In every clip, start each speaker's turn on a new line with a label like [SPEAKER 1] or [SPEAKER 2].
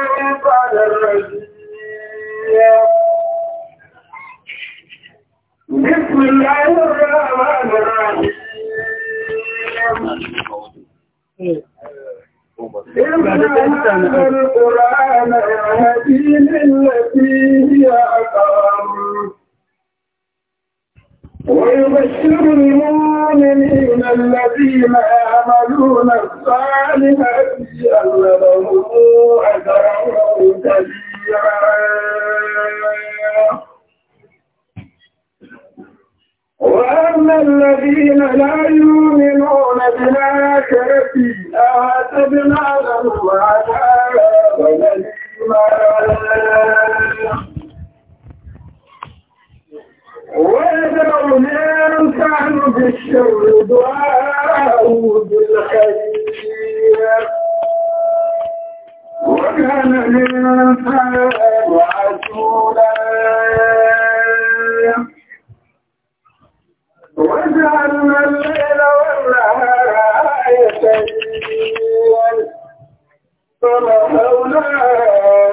[SPEAKER 1] الشيطان الرجيم بسم الله القرآن الحكيم التي هي أقام ويبشر المؤمنين الذين يعملون الصالحات أن لهم أجرا كبيرا وأما الذين لا يؤمنون بالآخرة أعتدنا لهم عذابا أليما وادعوا من كان بالشر دعاء بالخير وكان الإنسان عجولا وجعلنا الليل والنهار آيتين فمحونا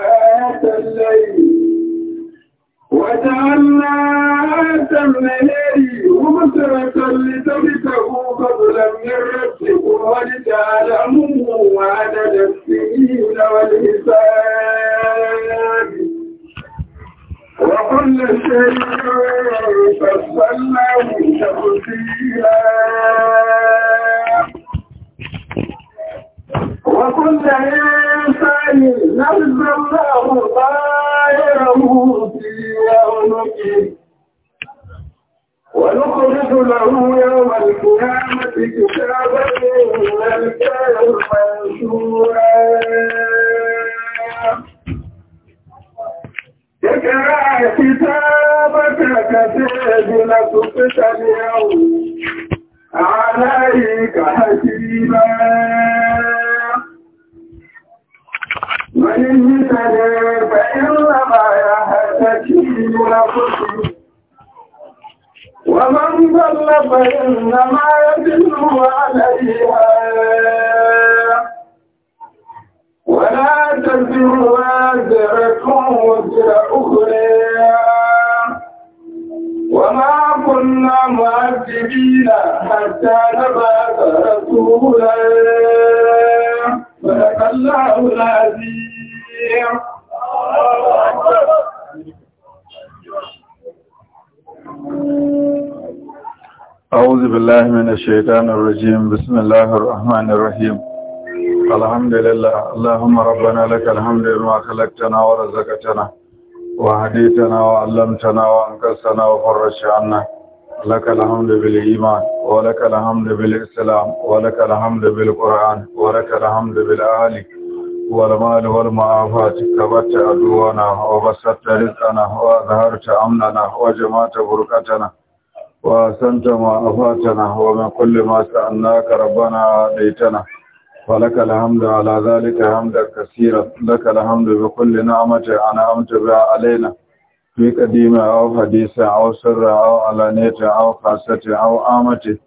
[SPEAKER 1] آية الليل وجعلنا تمنهي ومسرة لتبتغوا فضلا من ربكم ولتعلموا وعدد السنين والحساب وكل شيء فصلناه تفصيلا طائره في عنقه
[SPEAKER 2] ونخرج
[SPEAKER 1] له يوم القيامة كتابا نلقاه منشورا اقرأ كتابك كتاب لتقت اليوم عليك حكيما من اهتدى فإنما يهتدي لنفسه ومن ضل فإنما يضل عليها ولا تزر وازرة وزر أخرى وما كنا معذبين حتى نبعث رسولا صدق الله العظيم الله أكبر
[SPEAKER 3] أعوذ بالله من الشيطان الرجيم بسم الله الرحمن الرحيم الحمد لله اللهم ربنا لك الحمد لما خلقتنا ورزقتنا وهديتنا وعلمتنا وأنقذتنا وفرجت لك الحمد بالإيمان ولك الحمد بالإسلام ولك الحمد بالقرآن ولك الحمد بالآل والمال والمعافات كبت أدوانا وبسطت رزقنا وأظهرت أمننا وجمعت بركتنا وأحسنت ما أفاتنا ومن كل ما سألناك ربنا آتيتنا ولك الحمد على ذلك حمدا كثيرا لك الحمد بكل نعمة أنعمت بها علينا في قديمة أو حديثة أو سر أو علانية أو خاصة أو عامة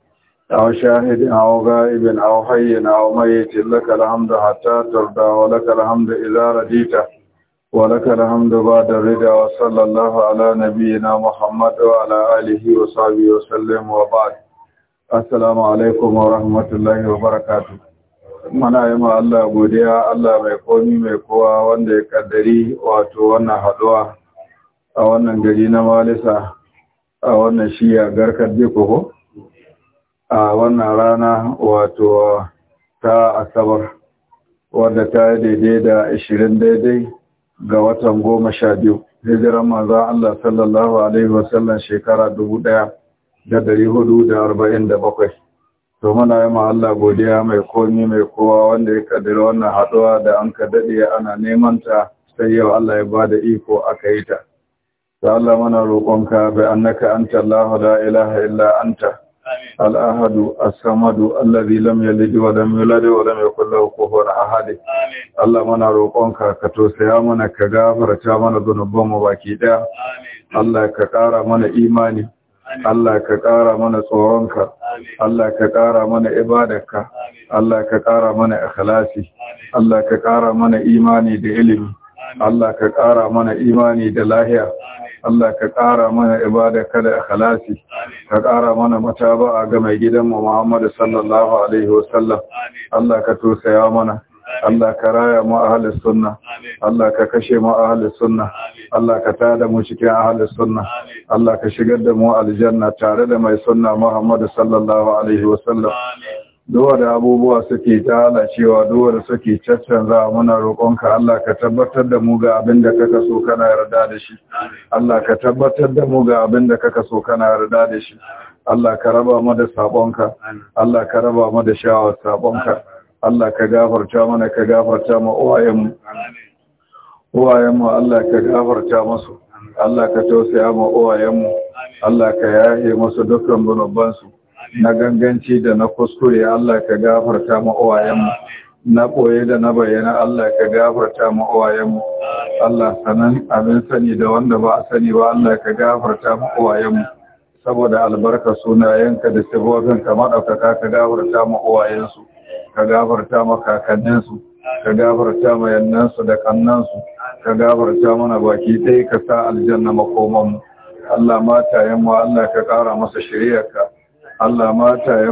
[SPEAKER 3] أو شاهد أو غائب أو حي أو ميت لك الحمد حتى ترضى ولك الحمد إذا رديته ولك الحمد بعد الرضا وصلى الله على نبينا محمد وعلى آله وصحبه وسلم وبعد السلام عليكم ورحمة الله وبركاته Muna yi ma Allah godiya Allah mai komi mai kowa wanda ya kaddari wato wannan haduwa a wannan gari na Malisa a wannan shiya garkar ko? a wannan rana wato ta Asabar wadda ta daidai da ashirin daidai ga watan goma sha biyu hijiran manzan Allah sallallahu alaihi wasallam shekara dubu ɗaya da ɗari hudu da arba'in da bakwai to muna yi ma Allah godiya mai komi mai kowa wanda ya kaddara wannan haɗuwa da an ka daɗe ana neman ta sai yau Allah ya bada iko aka yi ta. Sa Allah mana roƙonka bai annaka anta Allah la ilaha illa anta الأحد الصمد الذي لم يلد ولم يولد ولم يكن له كفوا أحد اللهم منا روقونك كتوسيا منا كغفرتا منا ذنوبنا باكي دaya Allah ka ƙara mana imani Allah ka ƙara mana tsoronka Allah ka ƙara mana ibadarka Allah ka ƙara mana ikhlasi Allah ka ƙara mana imani da ilimi Allah ka ƙara mana imani da lahiya Allah ka ƙara mana ibada kada ikhlasi ka ƙara mana mutaba'a ga mai gidanmu Muhammad sallallahu alaihi wasallam Allah ka tosaya mana Allah ka raya mu ahlus sunna Allah ka kashe mu ahlus sunna Allah ka tada mu cikin ahlus sunna Allah ka shigar da mu aljanna tare da mai sunna Muhammad sallallahu alaihi wasallam duwa da abubuwa suke ta halacewa duwa da suke caccanza muna roƙonka Allah ka tabbatar da mu ga abin da kaka so kana yarda da shi Allah ka tabbatar da mu ga abin da kaka so kana yarda da shi Allah ka raba mu da sabonka Allah ka raba mu da shawar sabonka Allah ka gafarta mana ka gafarta ma uwayenmu Allah ka gafarta musu Allah ka tausaya ma uwayenmu Allah ka yaye musu dukkan zunubansu na ganganci da na kuskure Allah ka gafarta mu na ɓoye da na bayyana Allah ka gafarta mu Allah sanan abin sani da wanda ba a sani ba Allah ka gafarta mu saboda albarka sunayenka da sifofinka ka maɗaukaka ka gafarta mu ka gafarta mu kakanninsu ka gafarta ma yannansu da kannansu ka gafarta mana baki ɗaya ka sa aljanna makomanmu Allah matayenmu Allah ka ƙara masa shiryarka Allah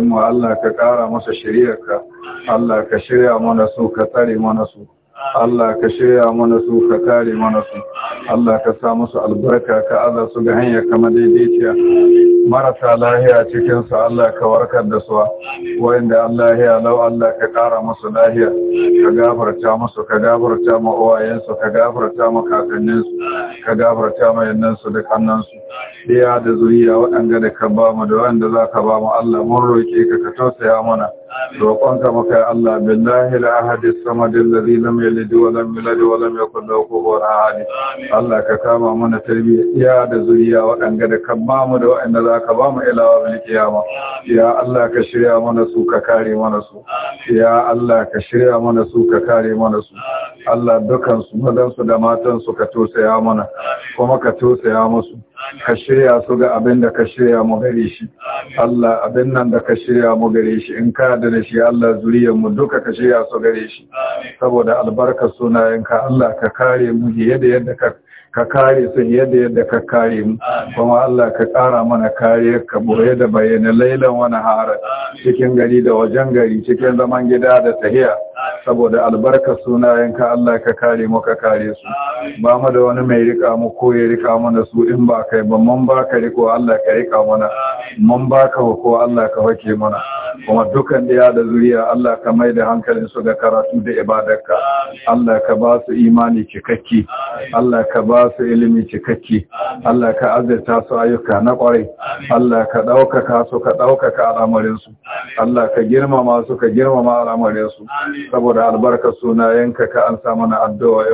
[SPEAKER 3] mu, Allah ka ƙara masa shiryarka Allah ka shirya mana su ka tsare mana su Allah ka shirya mana su ka kare mana su Allah ka sa musu albarka ka aza su ga hanya kamar daidaiciya marasa lahiya cikin su Allah ka warkar da su wanda Allah ya lau Allah ka kara musu lahiya ka gafarta musu ka gafarta ma uwayen su ka gafarta ma kakannin su ka gafarta ma yannan su da kannan su iya da zuriya waɗanda da ka ba mu da wanda za ka ba mu Allah mun roke ka ka tausaya mana roƙonka muka Allah billahi al-ahad as-samad alladhi lam yalid wa lam yulad wa lam yakul lahu kufuwan Allah ka kama mana tarbiyya da zuriya waɗanda da kan da waɗanda za ka ba mu ilawa bil kiyama ya Allah ka shirya mana su ka kare mana su ya Allah ka shirya mana su ka kare mana su Allah dukansu madansu da matansu ka tosaya mana kuma ka tosaya musu ka shirya su ga abin da ka shirya mu gare shi Allah abin nan da ka shirya mu gare shi in ka da shi Allah zuriyar mu duka ka shirya su gare shi saboda albarkar sunayenka Allah ka kare mu yadda yadda ka ka kare su yadda yadda ka kare mu kuma Allah ka ƙara mana kariyar ka boye da bayyana lailan wani hara cikin gari da wajen gari cikin zaman gida da tahiya saboda albarka ka Allah ka kare mu ka kare su ba mu da wani mai rika mu ko ya rika mana su in ba kai ba mun ba ka riko Allah ka rika mana mun ba ka ko Allah ka hake mana kuma dukan da da zuriya Allah ka mai da hankalin su ga karatu da ibadarka Allah ka ba su imani cikakke Allah ka ba su ilimi cikakke Allah ka azurta su ayyuka na kwarai Allah ka ɗaukaka su ka ɗaukaka alamarinsu. Allah ka girmama su ka girmama al'amarin su saboda albarkar yanka ka an samu mana addu'a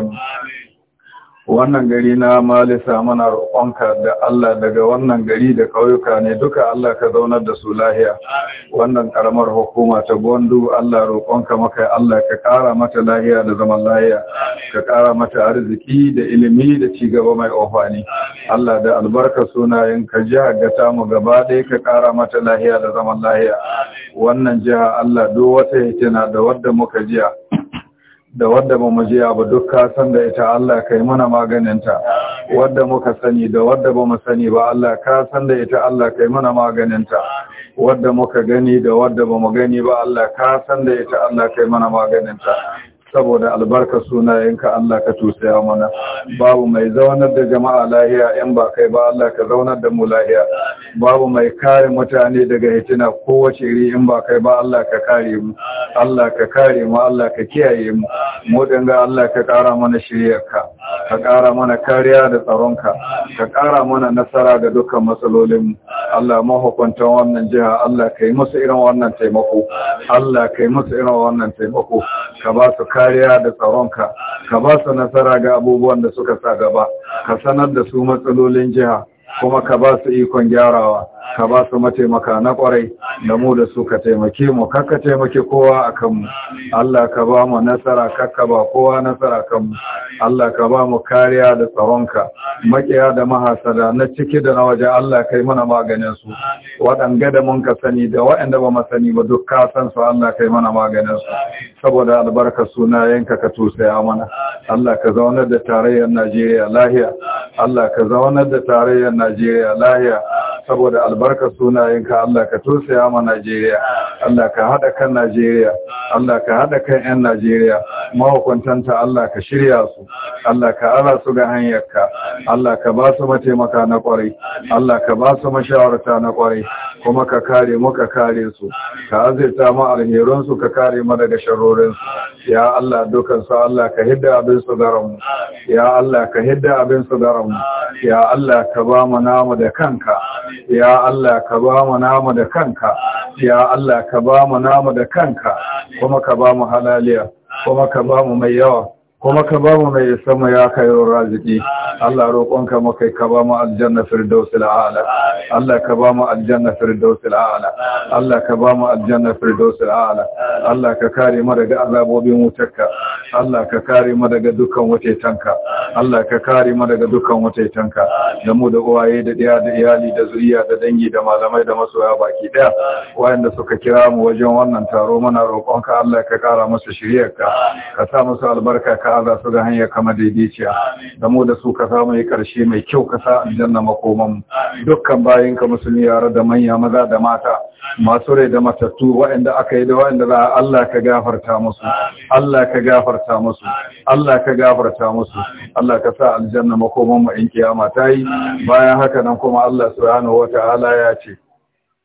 [SPEAKER 3] wannan gari na malisa mana roƙonka da Allah daga wannan gari da ƙauyuka ne duka Allah ka zaunar da su lahiya wannan ƙaramar hukuma ta gondu Allah roƙonka maka Allah ka ƙara mata lahiya da zaman lahiya ka ƙara mata arziki da ilimi da cigaba mai ofani Allah da albarka sunayen ka jiha ga tamu gaba ɗaya ka ƙara mata lahiya da zaman lahiya wannan jiha Allah duk wata na da wadda muka jiya da wadda ba mu jiya ba duk ka san da ita Allah kai mana maganinta wadda muka sani da wadda ba mu sani ba Allah ka san da ita Allah kai mana maganinta wadda muka gani da wadda ba mu gani ba Allah ka san da ita Allah kai mana maganinta saboda albarka sunayenka Allah ka tusaya mana babu mai zaunar da jama'a lahiya yan ba kai ba Allah ka zaunar da mu lahiya babu mai kare mutane daga hitina kowace iri in ba kai ba Allah ka kare mu Allah ka kare mu Allah ka kiyaye mu mu dinga Allah ka kara mana shiryarka ka kara mana kariya da tsaronka ka kara mana nasara ga dukkan matsalolin mu Allah mahukuntan wannan jiha Allah ka yi musu irin wannan taimako Allah ka yi musu irin wannan taimako ka ba su kare kariya da tsaronka ka ba su nasara ga abubuwan da suka sa gaba ka sanar da su matsalolin jiha kuma ka ba su ikon gyarawa ka ba su mataimaka na kwarai da mu da su ka taimake mu kakka taimake kowa a kanmu Allah ka ba mu nasara kakka ba kowa nasara kanmu Allah ka ba mu kariya da tsaronka makiya da mahasada na ciki da na waje Allah kai mana maganinsu. waɗanga da mun ka sani da waɗanda ba mu sani ba duk ka san su Allah kai mana maganinsu? saboda albarka yanka ka tusaya mana Allah ka zaunar da tarayyar Najeriya lahiya Allah ka zaunar da tarayyar Najeriya lahiya saboda albarkar sunayenka Allah ka tosaya ma Najeriya Allah ka hada kan Najeriya Allah ka hada kan ƴan Najeriya mahukuntanta Allah ka shirya su Allah ka ara su ga hanyarka Allah ka ba su mataimaka na kwarai Allah ka ba su mashawarta na kwarai kuma ka kare mu ka kare su ka azirta mu alherin su ka kare mu daga sharorin su ya Allah dukan su Allah ka hidda abin su garan mu ya Allah ka hidda abin su garan mu ya Allah ka ba mu namu da kanka ya Allah ka ba mu namu da kanka ya Allah ka ba mu namu da kanka kuma ka ba mu halaliya kuma ka ba mu mai yawa kuma ka ba mu mai sama ya kayo raziki Allah roƙonka makai ka ba mu aljanna firdausil a'la Allah ka ba mu aljanna firdausil a'la Allah ka ba mu aljanna firdausil a'la Allah ka kare mu daga azabobin wutarka Allah ka kare mu daga dukkan wutetanka Allah ka kare mu daga dukkan wutetanka da mu da uwaye da ɗaya da iyali da zuriya da dangi da malamai da masoya baki ɗaya wayanda suka kira mu wajen wannan taro muna roƙonka Allah ka kara musu shiriyarka ka sa musu albarka ka aza su ga hanyar kama daidaiciya da mu da su ka samu yi karshe mai kyau ka sa aljanna makoman dukkan bayan ka musulmi yara da manya maza da mata masu rai da matattu waɗanda aka yi da waɗanda za Allah ka gafarta musu Allah ka gafarta musu Allah ka gafarta musu Allah ka sa aljanna makoman mu in kiyama ta yi bayan haka nan kuma Allah subhanahu wata'ala ya ce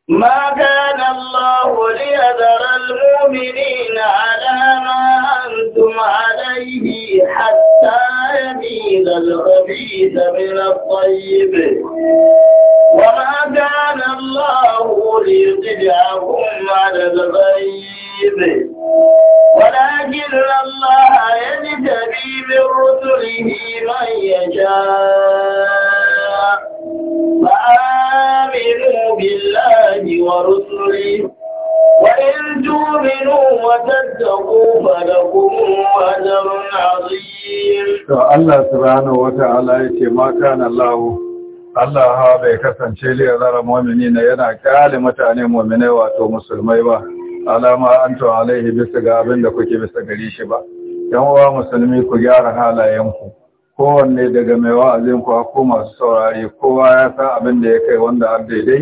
[SPEAKER 3] ما كان
[SPEAKER 4] الله ليذر المؤمنين على ما أنتم عليه حتى يميل الخبيث من الطيب وما كان الله ليطلعهم على الغيب
[SPEAKER 2] ولكن
[SPEAKER 3] wata'ala ya ce ma kana Allah Allah ha bai kasance li zara mu'mini na yana kyale mutane mu'minai wato musulmai ba alama antu alaihi bisa ga abin da kuke bisa gari shi ba yan uwa musulmi ku gyara halayenku kowanne daga mai wa'azin ku ko masu saurari, kowa ya sa abin da ya kai wanda har daidai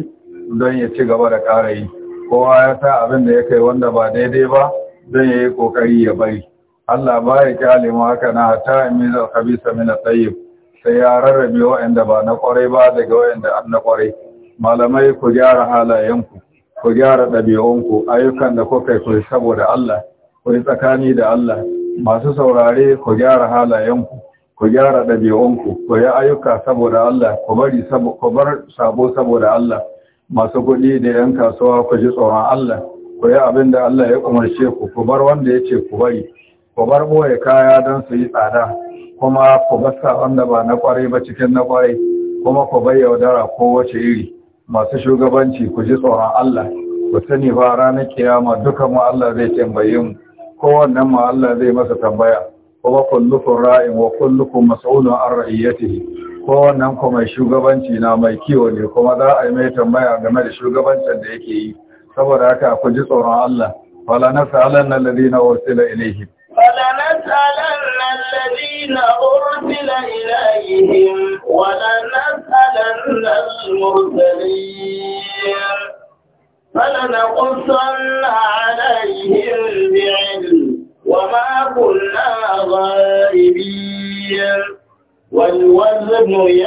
[SPEAKER 3] don ya ci gaba da karayi kowa ya sa abin da ya kai wanda ba daidai ba don ya yi ƙoƙari ya bari Allah baya kyale mu haka na hatta mizal khabisa min at-tayyib sai ya rarrabe wa'anda ba na kwarai ba daga waɗanda an na kwarai malamai ku gyara halayenku ku gyara ɗabi'unku ayyukan da kuka yi saboda Allah ku yi tsakani da Allah masu saurare ku gyara halayenku ku gyara ɗabi'unku ku yi ayyuka saboda Allah ku bari ku bar sabo saboda Allah masu kuɗi da 'yan kasuwa ku ji tsoron Allah ku yi abin da Allah ya umarce ku ku bar wanda ya ce ku bari ku bar ɓoye kaya don su yi tsada kuma ku basta wanda ba na kwarai ba cikin na kwarai kuma ku bai yaudara ko wace iri masu shugabanci ku ji tsoron Allah ku sani ba ranar kiyama duka mu Allah zai tambaye mu Kowanne mu Allah zai masa tambaya kuma kullukun ra'in wa kullukun mas'ulun an ra'iyatihi kowanne ku mai shugabanci na mai kiwo ne kuma za a yi mai tambaya game da shugabancin da yake yi saboda haka ku ji tsoron Allah wala nasalanna alladhina ladina ilayhim
[SPEAKER 4] فلنسألن الذين أرسل إليهم ولنسألن المرسلين فلنقصن عليهم بعلم وما كنا غائبين
[SPEAKER 3] والوزن يا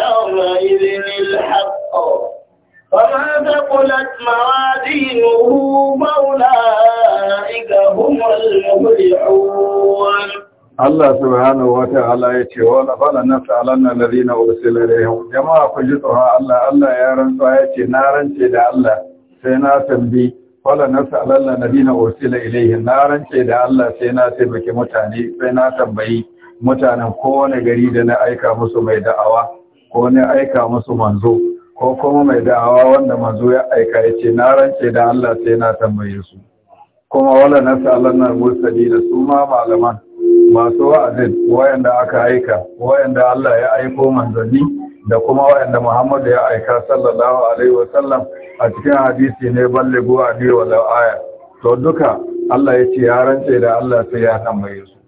[SPEAKER 3] Allah subhanahu wa ta'ala ya ce wa la fala nafsa alanna alladhina ursila ilayhim jama'a ku ji tsoron Allah Allah ya rantsa ya ce na rance da Allah sai na tambi fala nafsa alanna alladhina ursila ilayhim na rance da Allah sai na taimaki mutane sai na tambayi mutanen kowane gari da na aika musu mai da'awa ko ne aika musu manzo ko kuma mai da'awa wanda manzo ya aika ya ce na rance da Allah sai na tambaye su kuma wala nafsa alanna suma su ma malaman masu wa'azin wayanda aka aika wayanda Allah ya aiko manzanni da kuma wayanda Muhammad ya aika sallallahu alaihi wasallam a cikin hadisi ne balligo ne wal aya to duka Allah ya ce ya rance da Allah sai ya tambaye su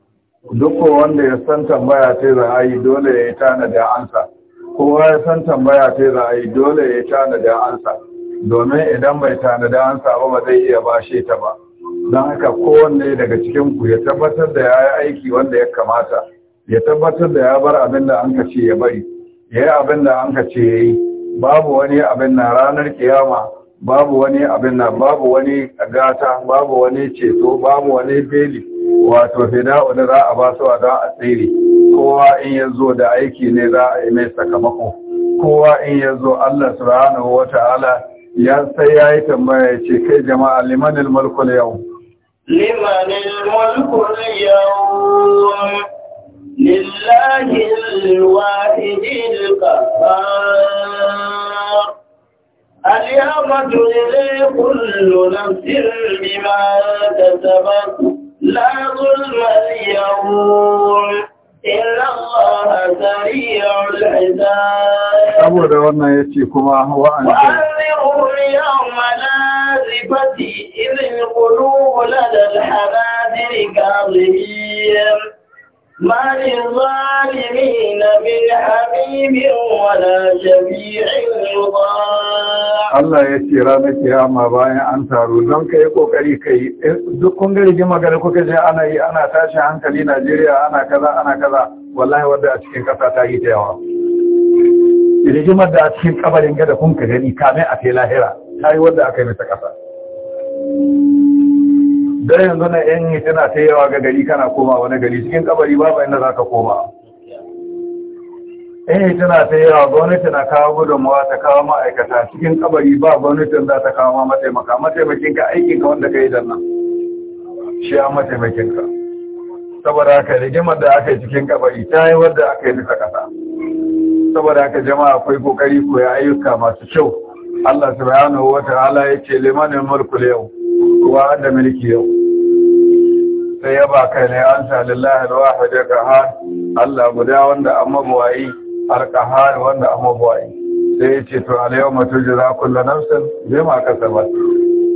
[SPEAKER 3] duk wanda ya san tambaya ta ra'ayi dole ya yi tana da ansa kowa ya san tambaya ta ra'ayi dole ya yi tana da ansa domin idan bai tana da ansa ba ba zai iya bashe ta ba don haka kowanne daga cikin ku ya tabbatar da ya yi aiki wanda ya kamata ya tabbatar da ya bar abin da an ka ce ya bari ya yi abin da an ka ce ya yi babu wani abin na ranar kiyama babu wani abin na babu wani gata babu wani ceto babu wani beli wato fida wani za a basu a don a tsere kowa in ya zo da aiki ne za a yi mai sakamako kowa in ya zo allah subhanahu wa ta'ala ya sai ya yi tambaya ya ce kai jama'a limanin mulkul yau لمن
[SPEAKER 4] الملك اليوم لله الواحد القهار اليوم تجري كل نفس بما كسبت لا ظلم اليوم إِنَّ اللَّهَ سَرِيعُ الْحِسَابِ
[SPEAKER 3] أَبُو دَوَنَّا يَتِي كُمَا هُوَ أَنْتَ
[SPEAKER 4] وَأَنِّرُهُ يَوْمَ نَازِفَتِي إِذِ الْقُلُوبِ لدى الحناجر كظيم ما للظالمين من حميم ولا شفيع يطاع Allah ya ce ranar kiyama bayan
[SPEAKER 3] an taru don ka yi kokari ka yi eh, duk kun ga rigima gari kuka je ana yi ana tashi hankali Najeriya ana kaza ana kaza wallahi wanda a cikin kasa ta yi da yawa rigimar da a cikin kabarin gada kun ka gani kamar a kai lahira ta yi wanda aka yi mata kasa don yanzu na yan tana ta yawa ga gari kana koma wani gari cikin kabari bai na za ka koma yan tana ta yawa gwamnati na kawo gudunmawa ta kawo ma'aikata cikin kabari ba gwamnatin za ta kawo ma mataimaka Mataimakin aikin aikinka wanda ka yi dan nan shi a mataimakin ka. saboda haka rigimar da aka yi cikin kabari ta yi wadda aka yi duka kasa saboda haka jama'a akwai kokari koya ayyuka masu kyau Allah subhanahu wa ta'ala yake limanin mulkul yau wa da mulki yau sai ya ba kai ne an sa lillahi ka har Allah guda wanda amma buwayi har qahar wanda amma buwayi sai ya ce to al yawma tujza kulla nafsin bima kasabat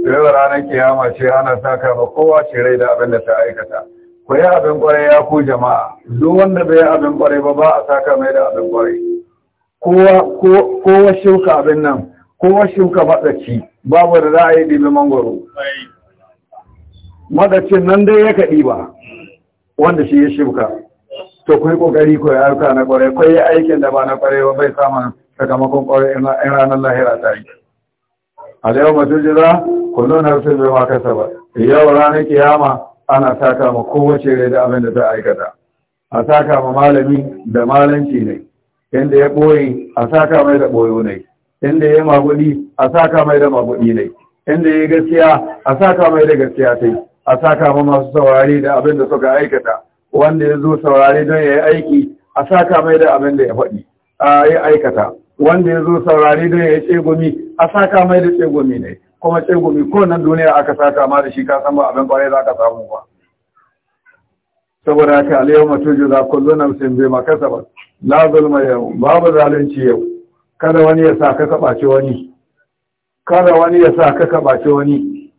[SPEAKER 3] yau ranar kiyama ce ana saka ma kowa ce rai da abin da ta aikata ku yi abin kwarai ya ku jama'a duk wanda bai yi abin kwarai ba ba a saka mai da abin kwarai kowa shuka abin nan Kowa shuka matsaci babu da za a yi dimi mangwaro matsacin nan dai ya kaɗi ba wanda shi ya shuka to ku yi ƙoƙari ku yi ayyuka na ƙwarai ku yi aikin da ba na ƙwarai ba bai samun sakamakon ina in ranar lahira ta yi a da yau mutum jira kullum na sun bai maka saba yau ranar kiyama ana saka ma kowace rai da abin da ta aikata a saka ma malami da malanci ne inda ya ɓoye a saka mai da ɓoyo ne inda ya magudi a saka mai da magudi ne inda ya gaskiya a saka mai da gaskiya tai a saka ma masu saurari da abin da suka aikata wanda ya zo saurari don ya yi aiki a saka mai da abin da ya faɗi a ya aikata wanda ya zo saurari don ya yi tsegumi a saka mai da tsegumi ne kuma tsegumi ko nan duniya aka saka ma da shi ka san ba abin kwarai za ka samu ba saboda haka alayhi matuju za kullu nafsin bi makasaba la zulma yau babu zalunci yau kada wani ya sa ka kaɓace wani kada wani ya sa ka kaɓace wani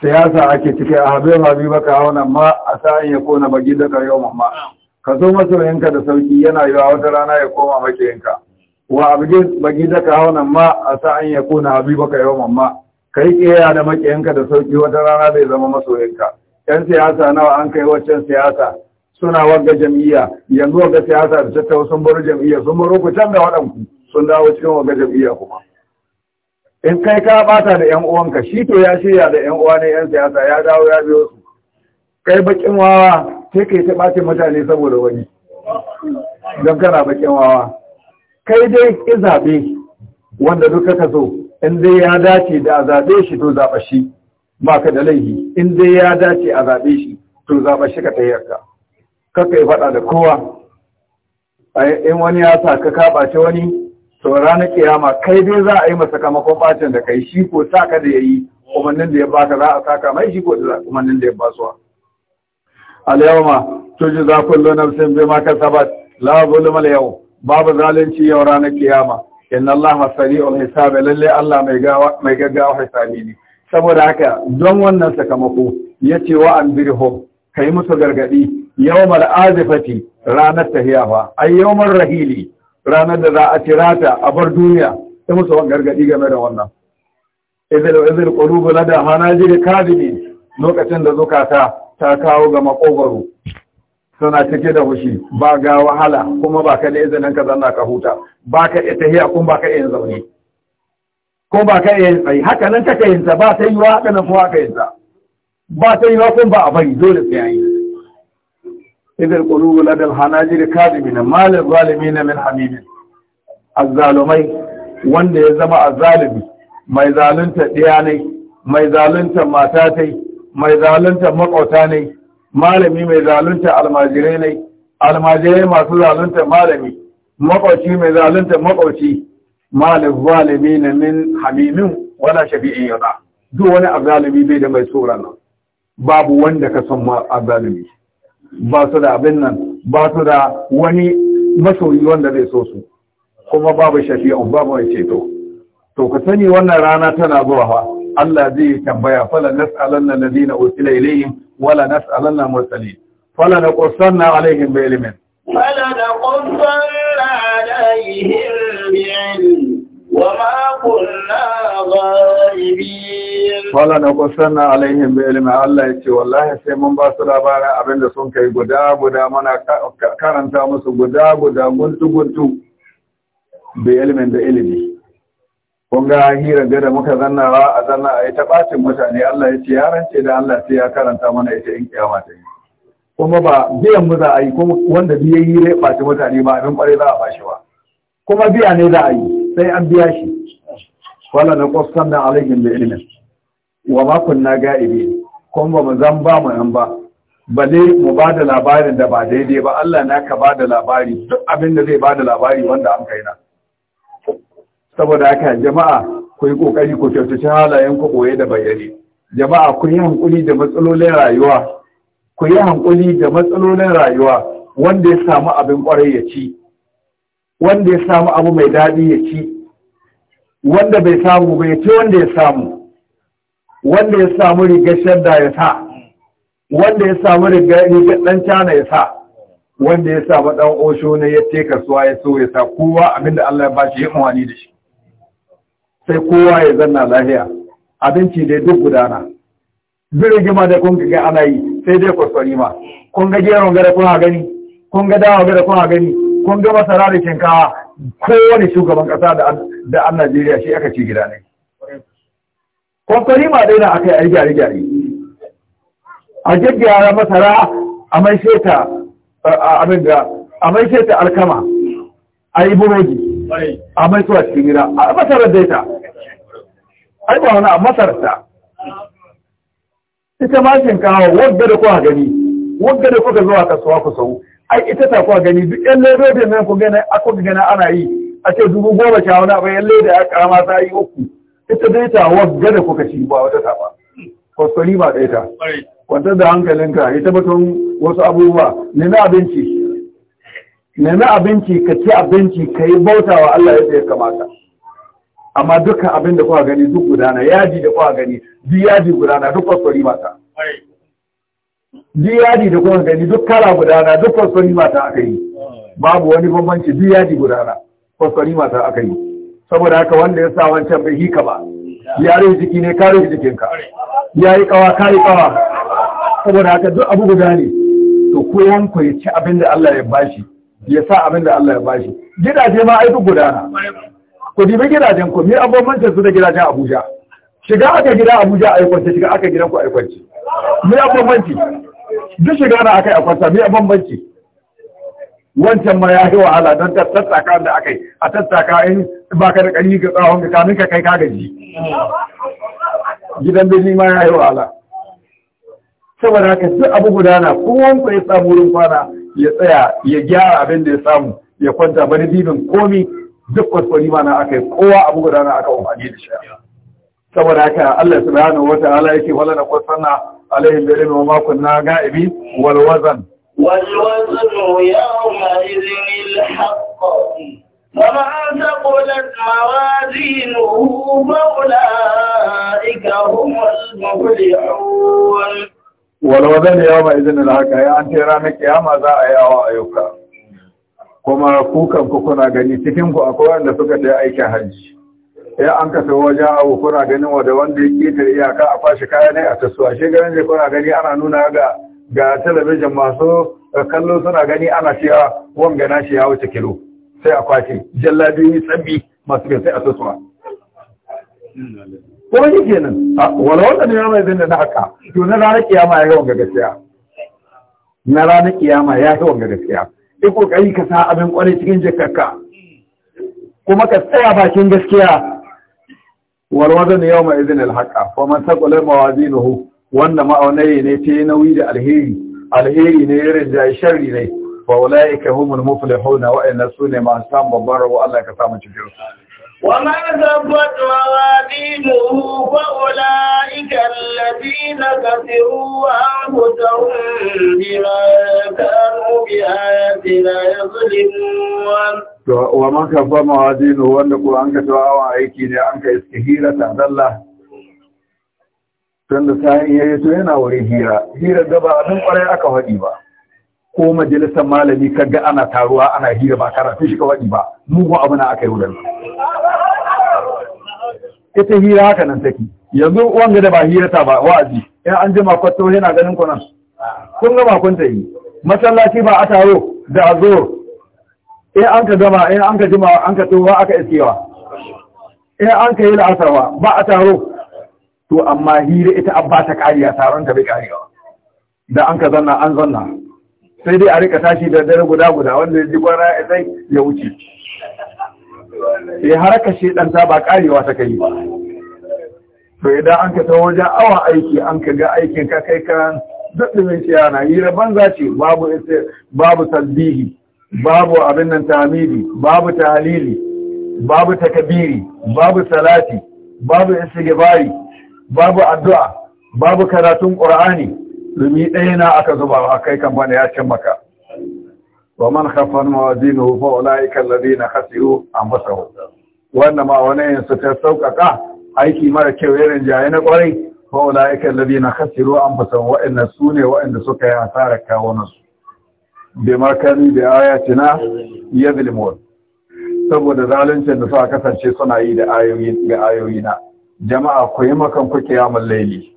[SPEAKER 3] siyasa ake cike a ma bi baka hauna ma a sa'in ya kona bagi da yau mamma ka zo masoyinka da sauki yana a wata rana ya koma makiyinka wa abin bagi da ka hauna ma a sa'in ya kona habi baka yau mamma ka yi ƙeya da makiyinka da sauki wata rana zai zama masoyinka yan siyasa nawa an kai waccan siyasa suna wagga jam'iyya yanzu wagga siyasa da tattawa sun bar jam'iyya sun baro ku can da waɗanku sun dawo cikin gajar jam'iyya kuma in kai ka bata da yan uwanka shi to ya shirya da yan uwa ne yan siyasa ya dawo ya biyo su kai bakin wawa sai kai ta ɓace mutane saboda wani
[SPEAKER 1] don kana bakin
[SPEAKER 3] wawa kai dai ki zaɓe wanda duka ka so in dai ya dace da a zaɓe shi to zaɓa shi ba ka da laifi in dai ya dace a zaɓe shi to zaɓa shi ka tayyarka Kaka yi faɗa da kowa in wani ya sa ka kaɓace wani to ranar kiyama kai dai za a yi masa kamakon bacin da kai shi ko sa ka da yayi umarnin da ya baka za a saka mai shi ko da umarnin da ya basuwa al-yawma tujza sun nafsin maka sabat la zulma al yau, babu zalunci yau ranar kiyama inna allaha sari'ul hisab lalle Allah mai gawa mai gaggawa hisabi ne saboda haka don wannan sakamako ya ce wa an ka kai musu gargadi yawmal azifati ranar tahiyafa ay yawmar rahili ranar da za a ta a bar duniya ta musu wani gargaɗi game da wannan izil izil na da hanajir kabini lokacin da zukata ta kawo ga makogaro suna cike da fushi ba ga wahala kuma ba ka da izinin ka zanna ka huta ba ka iya tahiya kuma ba ka iya zaune kuma ba ka iya tsayi haka nan ka yin ta ba ta yi wa haka nan kuma ka yin ta ba ta yi wa kuma ba a bari dole sai yi idil qulubu ladal hanajir kadimina malil zalimin min hamim azzalumai wanda ya zama azzalimi mai zalunta diya mai zalunta mata tai mai zalunta makauta ne malami mai zalunta almajirai ne almajirai masu zalunta malami makauci mai zalunta makauci malil zalimin min hamimin wala shafi'in yada duk wani azzalumi bai da mai tsoron nan babu wanda ka san ma azzalumi ba su da abin nan ba su da wani masoyi wanda zai so su kuma babu shafi'un babu mai ceto to ka sani wannan rana tana zuwa fa Allah zai tambaya fala nas'alanna alladhina usila ilayhim wala nas'alanna mursalin fala naqussanna alaihim bi ilmin
[SPEAKER 4] fala naqussanna alaihim bi ilmin wa ma kunna ghaibin
[SPEAKER 3] wala na kusanna alaihim bi ilmi Allah ya ce wallahi sai mun ba su labarin abin da sun kai guda guda mana karanta musu guda guda guntu guntu bi ilmi da ilimi kun ga hira ga da muka zanna ba a zanna a yi ta bacin mutane Allah ya ce ya rance da Allah sai ya karanta mana ita in kiyama ta yi kuma ba biyan mu za a yi kuma wanda biya yi rai ɓaci mutane ba abin ƙwarai za a bashi ba kuma biya ne za a yi sai an biya shi wala na kusanna alaihim bi ilmin wa makon na ga'ibi kuma ba mu zan ba mu nan ba bale mu ba da labarin da ba daidai ba Allah na ka ba da labari duk abin da zai ba da labari wanda an kai na saboda haka jama'a ku yi kokari ku kyautace halayen ku koye da bayyane jama'a ku yi hankuli da matsalolin rayuwa ku yi hankuli da matsalolin rayuwa wanda ya samu abin kwarai ya ci wanda ya samu abu mai daɗi ya ci wanda bai samu ba ya ci wanda ya samu wanda ya samu rigar shadda ya sa wanda ya samu rigar ɗan cana ya sa wanda ya samu ɗan osho ne ya teka kasuwa ya so ya sa kowa abinda Allah ya bashi ya mawani da shi sai kowa ya zanna lahiya abinci dai duk gudana birin gima da kun ga ana yi sai dai kwaskwari ma kun ga geron gada kuna gani kun ga dawa gada kuna gani kun ga masara da shinkawa kowane shugaban kasa da an Najeriya shi aka ci gida ne kwakwari ma dai na yi ai gyare gyare a gyaggyara masara a mai sheta a mai alkama a yi buroji a mai suwa cikin a masarar daita ai ba wani a masarar ta ita ma shinkawa wadda da kuwa gani wadda da kuka zuwa kasuwa ku sau ai ita ta kuwa gani duk yan ledodin nan ku gana ana yi a ce dubu goma sha wani abin yan leda ya karama ta yi uku ita dai ta wagga da kuka ci ba wata ta ba kwaskwari ba da ta kwantar da hankalinka ita tun wasu abubuwa nemi abinci nemi abinci ka ci abinci ka yi bauta wa Allah yadda ya kamata amma dukkan abin da kuka gani duk gudana yaji da kuka gani duk yaji gudana duk kwaskwari ba ta duk yaji da kuka gani duk kala gudana duk kwaskwari ba ta aka yi babu wani bambanci duk yaji gudana kwaskwari ba ta aka yi saboda haka wanda ya sa wancan bai hika ba ya rufe jiki ne ka rufe jikinka ya yi kawa ka yi kawa saboda haka duk abu guda ne to kowan ku ya ci abin da Allah ya bashi ya sa abin da Allah ya bashi gidaje ma aiki guda gudana ku dibi gidajen ku me abubbancin su da gidajen Abuja shiga aka gida Abuja a kwanci, shiga aka gidan ku a kwance me abubbanci duk shiga na aka yi a kwanta me abubbanci wancan ma ya yi wahala don tattaka da aka yi a tattaka in baka da ƙarfi ga tsawon ga kamin ka kai ka gaji gidan birni ma ya yi wahala saboda haka duk abu gudana ku ya samu wurin kwana ya tsaya ya gyara abin da ya samu ya kwanta bari bibin komi duk kwaskwari ma na aka yi kowa abu gudana aka umarni da shi saboda haka Allah subhanahu wa ta'ala yake walana na kwasanna alaihim bi ilmi wa ma kunna ga'ibi wal wazan
[SPEAKER 4] والوزن يومئذ الحق فما ثقلت موازينه فأولئك هم المفلحون
[SPEAKER 3] والوزن يومئذ الحق يا أنت رانك يا ماذا يا kuma kukan ku kuna gani cikin ku akwai wanda suka je aikin hajji ya an kasa waje abu kuna ganin wanda wanda ya ketare iyaka a fashi kaya ne a tasuwa shi ganin kuna gani ana nuna ga ga talabijin masu eh, kallo suna gani ana shiya wanga na shiya ya wuce kilo sai a kwace jallabiyoyi tsabi masu bin sai a sosuwa ko ne kenan wala wanda ne mai zai na haka to na ranar kiyama ya yi wanga gaskiya na ranar kiyama ya yi wanga gaskiya yi kokari ka sa abin kwarai cikin jikarka kuma ka tsaya bakin gaskiya wal wazan yawma idhin al haqa fa man mawazinuhu wanda ma'aunaye ne ta yi nauyi da alheri alheri ne ya rinja shari ne fa ulaika humul muflihun wa inna sunna ma sam babbar wa Allah ka samu cikin su wa ma
[SPEAKER 4] zabbat mawadinuhu fa ulaika alladhina kafiru wa anfusahum bima kanu bi ayatina yuzlimun
[SPEAKER 3] wa man kafa mawadinu wanda ko an ka tawawa aiki ne an ka istihira ta dalla Sanda da sa'in ya yi to yana wurin hira hira da ba abin kwarai aka faɗi ba ko majalisar malami kaga ana taruwa ana hira ba karatu shi ka faɗi ba mugu abu na aka yi wurin ita hira haka nan take yanzu wanga da ba hira ta ba wa'azi ya an jima kwato yana ganin ku nan kun gama kun ta yi masallaci ba a taro da zo in an ka gama in an ka jima an ka tsowa aka iskewa in an ka yi la'asarwa ba a taro to amma hira ita an ba ta kariya taron ta bai karewa da an ka zanna an zanna sai dai a rika tashi da dare guda guda wanda ji kwara ya sai ya wuce sai eh, ka shedan ta ba karewa ta kai ba to idan an ka tawo wajen awa aiki an ka ga aikin ka kai kan shi yana hira banza ce babu babu talbihi babu abin nan tamidi babu tahlili babu takabiri babu salati babu istighfari babu addu'a babu karatun ƙur'ani rumi ɗaya na aka zuba a kai kan bane ya cin maka wa man khafan mawazinuhu fa ulaika a masa hudu. wannan ma wani su ta sauƙaƙa? aiki mara kyau irin jaye na kwarai fa ulaika alladhina khasiru anfusahum wa inna su wa inda suka yi hasara kawunansu da kanu na yadda limon. saboda zaluncin da suka kasance suna yi da ayoyi ga ayoyina jama'a ku yi makan ku kiyamul laili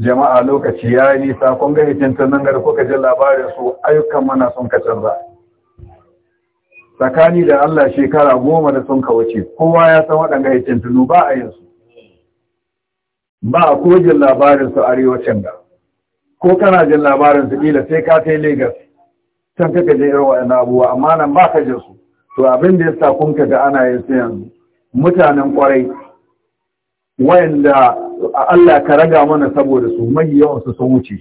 [SPEAKER 3] jama'a lokaci ya yi nisa kun ga hitin nan gari kuka ji labarin su ayyukan mana sun ka canza tsakani da Allah shekara goma da sun wuce kowa ya san waɗanda hitin tunu ba a yinsu ba a kojin labarin su arewacin da ko kana jin labarin su Ila sai ka kai Legas can kaka je irin wa'annan abubuwa amma nan ba ka jin su to abin da ya sa kun ka ga ana yin su yanzu mutanen kwarai wayanda Allah ka raga mana saboda su mai yawan su sun wuce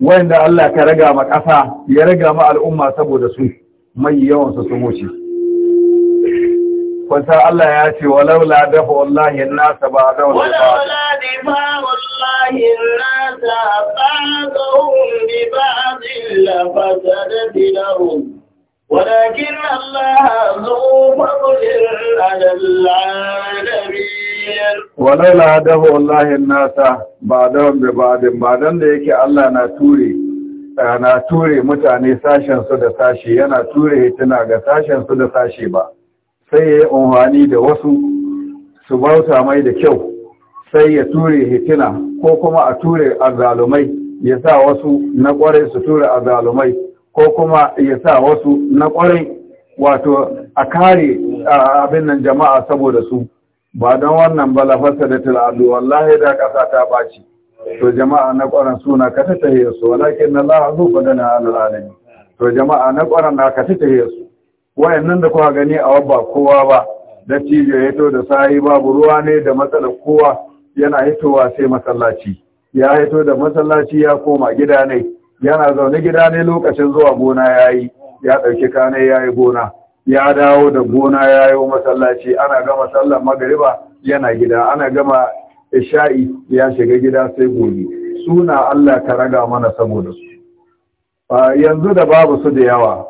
[SPEAKER 3] wayanda Allah ka raga ma ƙasa ya raga ma al'umma saboda su mai yawan su sun wuce kwanta Allah ya ce walau la dafa wallahi nasa ba da wallahi walau
[SPEAKER 4] wallahi nasa ba'dhum ولكن الله ذو فضل على العالمين
[SPEAKER 3] walaula dafa wallahi nasa ba dan bi ba ba dan da yake Allah na ture eh, na ture mutane sashen su da sashi yana ture hitina ga sashen su da sashi ba sai ya yi unhani da wasu su bauta mai da kyau sai ya ture hitina ko kuma a ture azalumai ya sa wasu na kware su ture azalumai ko kuma ya sa wasu na kware wato a kare abin nan jama'a saboda su ba don wannan ba la da tilalu wallahi da kasa ta baci to jama'a na ƙwaran suna ka ta tahiya su walakin na Allah ba da na alalani to jama'a na ƙwaran na ka ta tahiya su wayannan da kuka gani a wabba kowa ba da cijo ya to da sahi babu ruwa ne da matsalar kowa yana hitowa sai masallaci ya hito da masallaci ya koma gida ne yana zaune gida ne lokacin zuwa gona ya yi. ya ɗauki kane yi gona ya dawo da gona ya yi wa masallaci ana gama sallar magariba yana gida ana gama isha'i ya shiga gida sai gobe suna Allah ka raga mana saboda su yanzu da babu su da yawa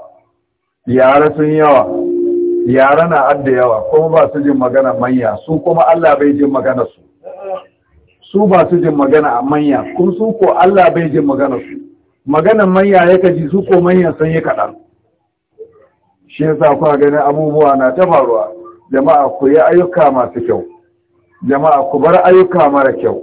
[SPEAKER 3] yara sun yawa yara na adda yawa kuma ba su jin magana manya su kuma Allah bai jin magana su su ba su jin magana a manya kun su ko Allah bai jin magana su maganan manya yaka ji su ko manya sun yi kaɗan shi yasa kuma ganin abubuwa na ta faruwa jama'a ku yi ayyuka masu kyau jama'a ku bar ayyuka mara kyau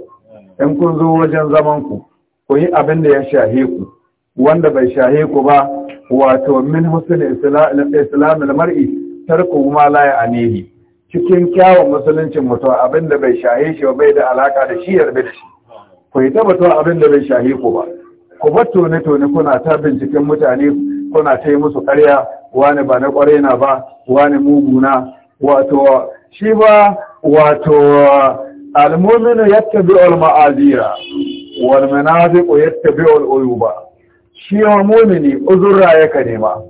[SPEAKER 3] in kun zo wajen zaman ku ku yi abin da ya shahe ku wanda bai shahe ku ba wato min husn islamil mar'i tarku ma la ya'nihi cikin kyawun musuluncin mutum abin da bai shahe shi ba bai da alaka da shi yarda da shi ku yi tabbatar abin da bai shahe ku ba ku bar tone tone kuna ta binciken mutane kuna ta yi musu karya. wani ba na ƙware na ba wani muguna wato shi ba wato almominu yadda bi'ul ma'azira wal manaziku yadda bi'ul ba shi yawan momini uzurra ya ka nema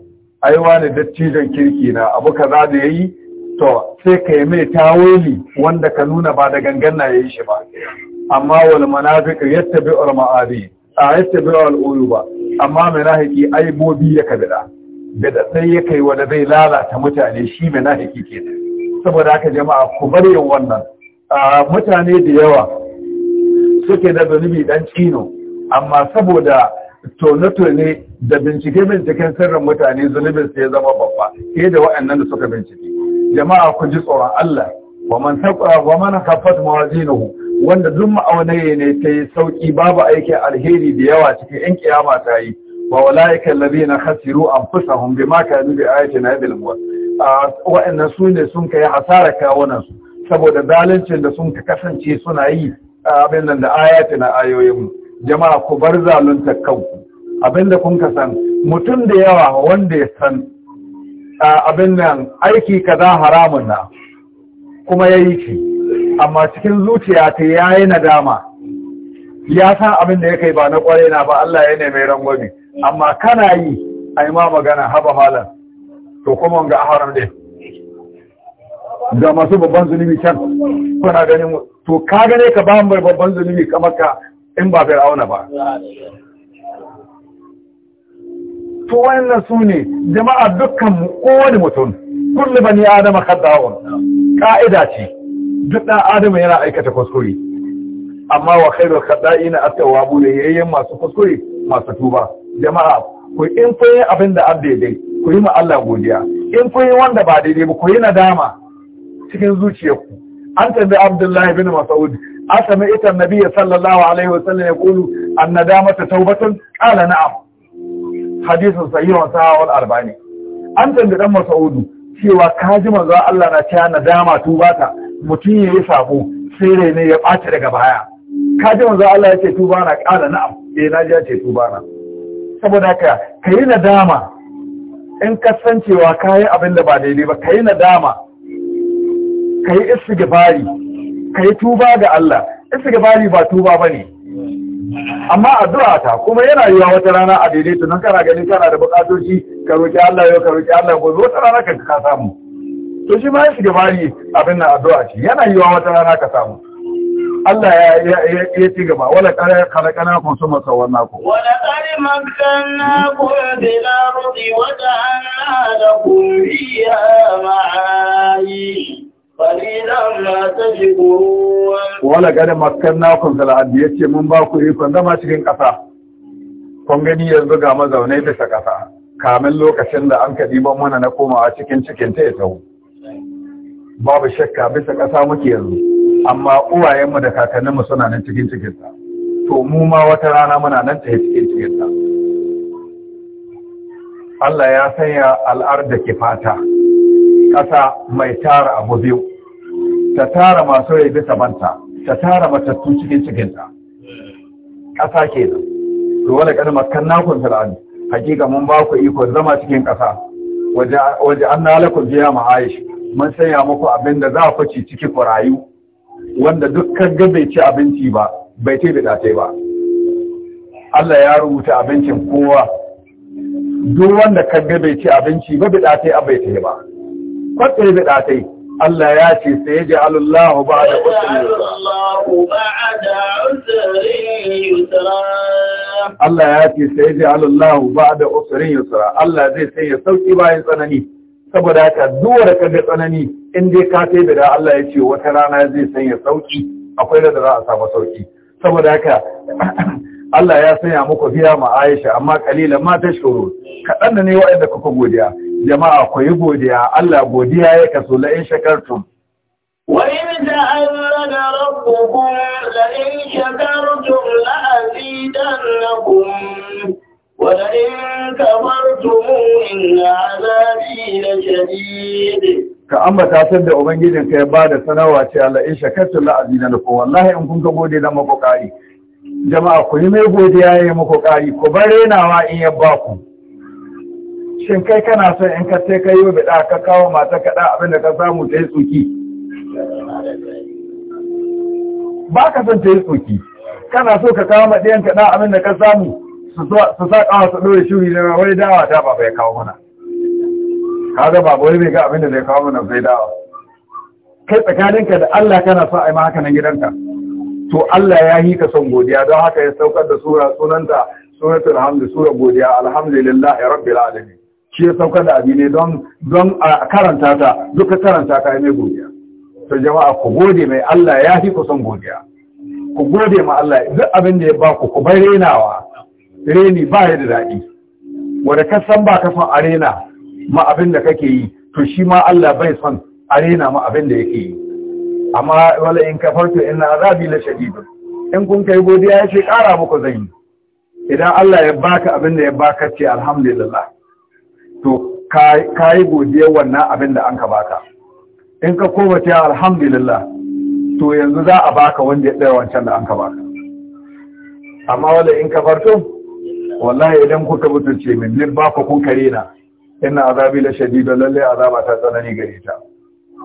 [SPEAKER 3] ai wani dattijan kirki na abu ka za da yi to sai ka yi mai tawoli wanda ka nuna ba da gangan na yi shi ba amma wal manaziku yadda bi ma'azira a yadda bi'ul ba amma ai bobi ya kabila da daɗai ya kai wanda zai lalata mutane shi mai na haƙi ke saboda haka jama'a ku bar yin wannan mutane da yawa suke da zunubi dan cino amma saboda tone-tone da bincike-binciken sirrin mutane zunubin su ya zama babba ke da waɗannan da suka bincike jama'a ku ji tsoron Allah wa man taqwa wa man kafat mawazinuhu wanda duk ma'aunaye ne ta yi sauki babu aikin alheri da yawa cikin yan kiyama ta yi wa ulaika alladhina khasiru anfusahum bima kanu bi ayatina yadlun Wa su ne sun kai hasara kawunan su saboda zalincin da sun kasance suna yi abin nan da ayatina ayoyin mu jama'a ku bar zalunta kanku abinda kun ka san mutum da yawa wanda ya san abin nan aiki kaza haramun na kuma ya yi shi amma cikin zuciya ta yayi yi nadama ya san abin da ya kai ba na kwarai na ba Allah ya ne mai rangwami amma kana yi a yi ma magana haba halar to kuma ga haram ɗin ga masu babban zunubi can kuna ganin to ka gane ka ba mai babban zunubi kamar ka in ba auna ba to wannan su ne jama'a dukkan kowane mutum kullu bani adama khata'un ka'ida ce duk ɗan adama yana aikata kuskure amma wa khairul khata'ina at-tawwabun yayyen masu kuskure masu tuba jama'a ku in kun yi abin da an daidai ku yi Allah godiya in kun yi wanda ba daidai ba ku yi nadama cikin zuciyarku an tambayi Abdullahi bin Mas'ud asami ita annabi sallallahu alaihi wa sallam ya kulu ta taubatun qala na'am hadisin sahihun sahawal Arbani. an tambayi dan Mas'ud cewa ka ji manzo Allah na ta nadama ta mutum yayi sabo sai rai ne ya ɓaci daga baya ka ji manzo Allah ya ce tuba na ƙara na'am eh na ji ya ce tuba na saboda ka ka yi nadama in kasancewa kayi abin da ba daidai ba kayi yi nadama ka yi istighfari ka tuba ga Allah istighfari ba tuba ba ne amma addu'a ta kuma yana yiwa wata rana a daidai tunan kana ganin kana da bukatoci ka roki Allah yau ka roki Allah gobe wata rana ka ka samu to shi ma istighfari abin nan addu'a ce yana yiwa wata rana ka samu Allah ya ci gaba wala kare kana kun suma ko wala
[SPEAKER 4] qad makkannakum fil ardi wa ja'alna lakum fiha ma'ayish
[SPEAKER 3] wala gada makarna kun sala'adu ya yace mun ba ku iko zama cikin ƙasa kun gani yanzu ga mazaunai ta kasa kamin lokacin da an kaɗi ban mana na komawa cikin cikin ta ya tawo babu shakka bisa ƙasa muke yanzu amma uwayenmu da kakanninmu suna nan cikin cikinsa to mu ma wata rana muna nan tsaye cikin cikinsa Allah ya sanya al'ar da ke fata ƙasa mai tara abu biyu ta tara masu rai bisa banta ta tara matattu cikin cikinta ƙasa ke nan ruwa da ƙarfi nakon fil'adu hakika mun ba ku iko zama cikin ƙasa waje an nalakun biya ma'aish mun sanya muku abin da za ku ci ciki ku rayu wanda duk ga bai ci abinci ba bai ce da ta ba Allah ya rubuta abincin kowa duk wanda kaga bai ci abinci ba bida ce bai ce ba kwatsai bida ce Allah ya ce sai ya ji Allah ba da
[SPEAKER 4] usri
[SPEAKER 3] Allah ya ce sai ya ji Allah ba da usri yusra Allah zai sai ya sauki bayan tsanani saboda haka duwar ka ga tsanani in dai ka sai da Allah ya ce wata rana zai sanya sauki akwai da za a samu sauki saboda haka Allah ya sanya muku biya ma Aisha amma kalilan ma ta tashkuru kaɗan ne waɗanda kuka godiya jama'a ku yi godiya Allah godiya ya kaso la in shakartum
[SPEAKER 4] wa in ta'allana rabbukum la in shakartum la azidannakum
[SPEAKER 3] ka ambata san da ubangijin ka ya bada sanarwa ce Allah in shakartu la'azi na nufo wallahi in kun ka gode da muku kari jama'a ku yi mai godiya ya yi muku kari ku bar renawa in ya ba ku shin kai kana son in ka sai kai yobe da ka kawo mata kaɗa abin da ka samu ta yi tsoki ba ka son ta yi tsoki kana so ka kawo maɗiyan ɗiyan kaɗa abin da ka samu su sa kawo su ɗore shuri na wani dawa ta ba bai kawo mana ka ga ba wani bai ga abin zai kawo mana zai dawa kai tsakaninka da Allah kana sa a yi ma nan gidanka to Allah ya yi ka son godiya don haka ya saukar da sura sunanta suratul alhamdu sura godiya alhamdulillah ya rabbi al'alami. shi ya saukar da abin ne don don a karanta ta duka karanta ka mai godiya to jama'a ku gode mai Allah ya yi ku son godiya ku gode ma Allah duk abin da ya ba ku ku bai renawa reni ba ya da daɗi wanda ka san ba ka son arena ma abin da kake yi to shi ma Allah bai son arena ma abin da yake yi amma wala in ka in na azabi la shadid in kun kai godiya ya ce ƙara muku zan yi idan Allah ya baka abin da ya baka ce alhamdulillah to ka yi godiyar wannan abin da an ka baka in ka koma ce alhamdulillah to yanzu za a baka wanda ya ɗaya wancan da an ka baka amma wala in ka farto wallahi idan kuka mutunce min min ba ku kun kare na inna azabi la shadidun lalle azaba ta tsanani gare ta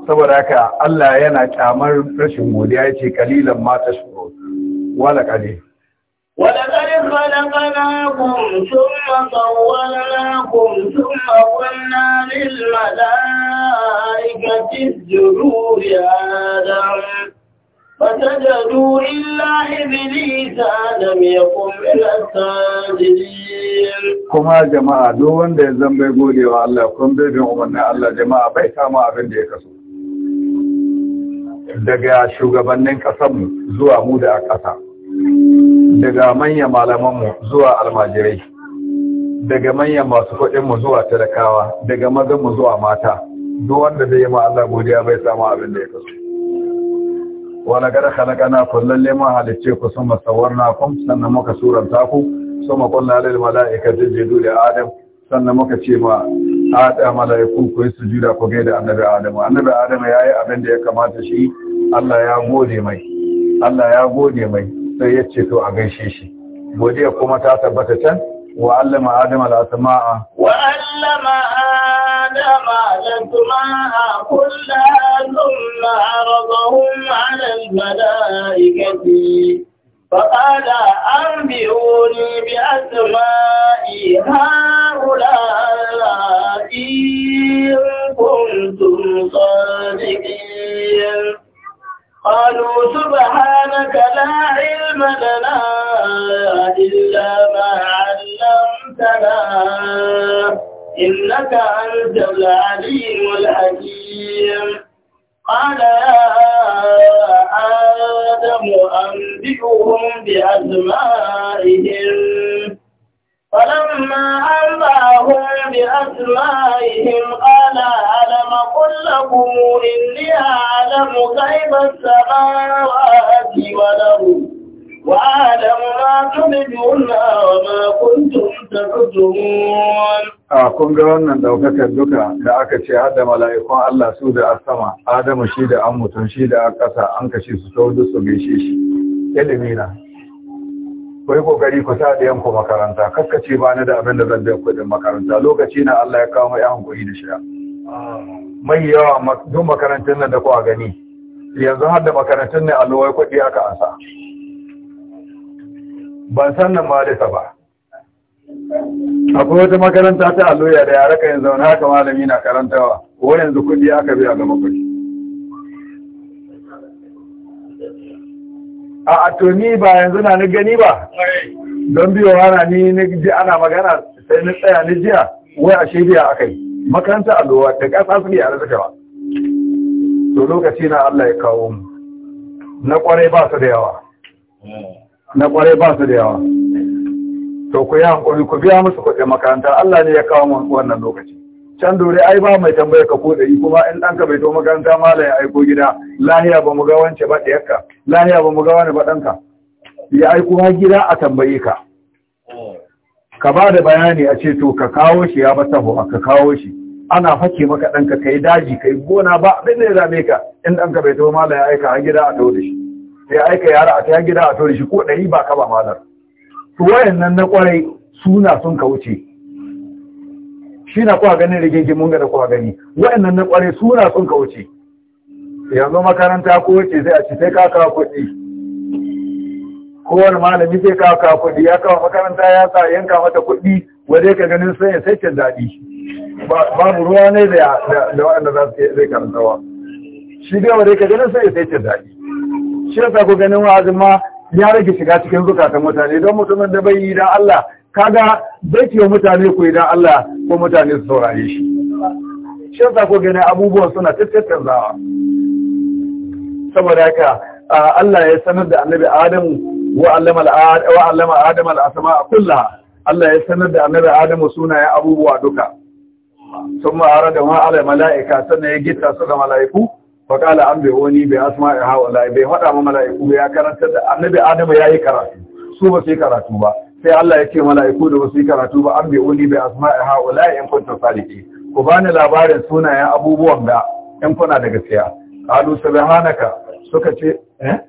[SPEAKER 3] saboda haka Allah yana kyamar rashin godiya yace kalilan ma tashkuru wala qalil
[SPEAKER 4] ولقد خلقناكم ثم صورناكم ثم قلنا للملائكة اسجدوا لآدم فسجدوا إلا إبليس لم يقم من
[SPEAKER 3] الساجدين كما جماعة دو wanda ya zan bai gode wa Allah kun bai bin umarnin Allah jama'a bai kama abin da ya kaso daga shugabannin kasanmu zuwa mu da a ƙasa daga manyan malamanmu zuwa almajirai daga manyan masu kuɗinmu zuwa talakawa daga mazanmu zuwa mata duk wanda zai yi ma Allah godiya bai samu abin da ya kasu. wala kada khalaqana kullalle ma halice ku sama na kum sannan muka suranta ku sama kullu lil malaikati sujudu li adam sannan muka ce ma adam malaikun ku yi sujuda ku ga da annabi adam annabi adam yayi abin da ya kamata shi Allah ya gode mai Allah ya gode mai sai ya ce to a gaishe shi godiya kuma ta tabbata can wa allama adam al-asma'a wa
[SPEAKER 4] allama مالتما كلا ثم عرضهم على الملائكة فقال أنبئوني بأسماء هؤلاء إن كنتم صادقين قالوا سبحانك لا علم لنا إلا ما علمتنا إنك أنت العليم الحكيم قال يا آدم أنبئهم بأسمائهم فلما أنبأهم بأسمائهم قال ألم أقل لكم إني أعلم غيب السماوات والأرض وأعلم
[SPEAKER 3] a kun ga wannan daukakar duka da aka ce hada mala'ikun Allah su da asama Adamu shi da an mutum shi da ƙasa an kashe su sau da su gaishe shi ilimi na ku kokari ku sa da yanku makaranta kaskace ba ni da abin da zan biya kuɗin makaranta lokaci na Allah ya kawo mai hankali da shiya mai yawa duk makarantun nan da ku a gani yanzu har da makarantun ne allowai kuɗi aka asa. ban san nan da ba akwai wata makaranta ta alloya da yare kan zaune haka malami na karantawa ko yanzu kudi aka biya ga makwai a atomi ba yanzu na ni gani ba don biyo ana ni ji ana magana sai ni tsaya ni jiya wai a shirya aka yi makaranta allowa da ƙasa su ne yare suka ba to lokaci na Allah ya kawo mu na kwarai ba su da yawa na kwarai ba su da yawa to ku yi hankali ku biya musu kuɗi makaranta Allah ne ya kawo mu wannan lokaci can dore ai ba mai tambaya ka ko dari kuma in ɗanka bai to makaranta mala ya aiko gida lahiya ba mu ga wance ba ɗayarka lahiya ba mu ga wani ba ɗanka ya aiko ha gida a tambaye ka ka ba da bayani a ce to ka kawo shi ya bata ho ka kawo shi ana fake maka ɗanka kai daji kai gona ba abin da ya zame ka in ɗanka bai to mala ya aika a gida a tawo da shi sai aika yara a ta gida a tori shi ko ɗari ba ka ba malar to nan na kwarai suna sun ka wuce shi na kuwa ganin rigingimun ga da kuwa gani nan na kwarai suna sun ka wuce yanzu makaranta ko wuce sai a ci sai ka kawo kuɗi kowane malami sai kawo kawo kuɗi ya kawo makaranta ya sa yanka mata kuɗi waje ka ganin sai ya sai daɗi babu ruwa ne da waɗanda za su zai karantawa shi dai waje ka ganin sai ya sai daɗi shi yasa ganin wa'azin ma ya rage shiga cikin zukatan mutane don mutumin da bai yi dan Allah kaga bai ce mutane ku yi dan Allah ko mutane su saurare shi shi yasa ganin abubuwan suna zawa saboda haka Allah ya sanar da annabi Adamu wa allama Adamu al-asma kullaha Allah ya sanar da annabi Adamu sunayen abubuwa duka sun ma'ara da ma'ala mala'ika sannan ya gita su ga mala'iku faƙala an bai wani bai asma ya hawa lai bai faɗa ma mala'iku ya karanta da annabi adamu ya yi karatu su ba su yi karatu ba sai Allah ya ce mala'iku da ba su yi karatu ba an bai wani bai asma ya hawa lai in kunta saliki ku bani labarin sunayen abubuwan da in kuna da gaskiya qalu subhanaka suka ce eh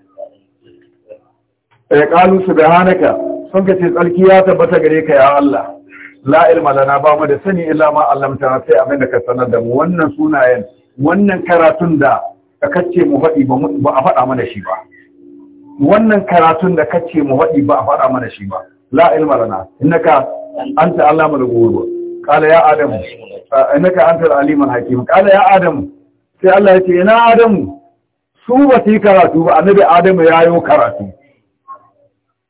[SPEAKER 3] eh qalu subhanaka sun ka ce tsarki ya tabbata gare ka ya Allah la ilma lana ba mu da sani illa ma allamta sai abin da ka sanar da mu wannan sunayen wannan karatun da kace mu faɗi ba a faɗa mana shi ba wannan karatun da ce mu faɗi ba a faɗa mana shi ba la ilma lana innaka anta allamul ghuyub qala ya adamu eh, innaka anta alimul hakim qala ya adamu sai Allah ya ce ina adamu su ba su yi karatu ba annabi adamu ya yi karatu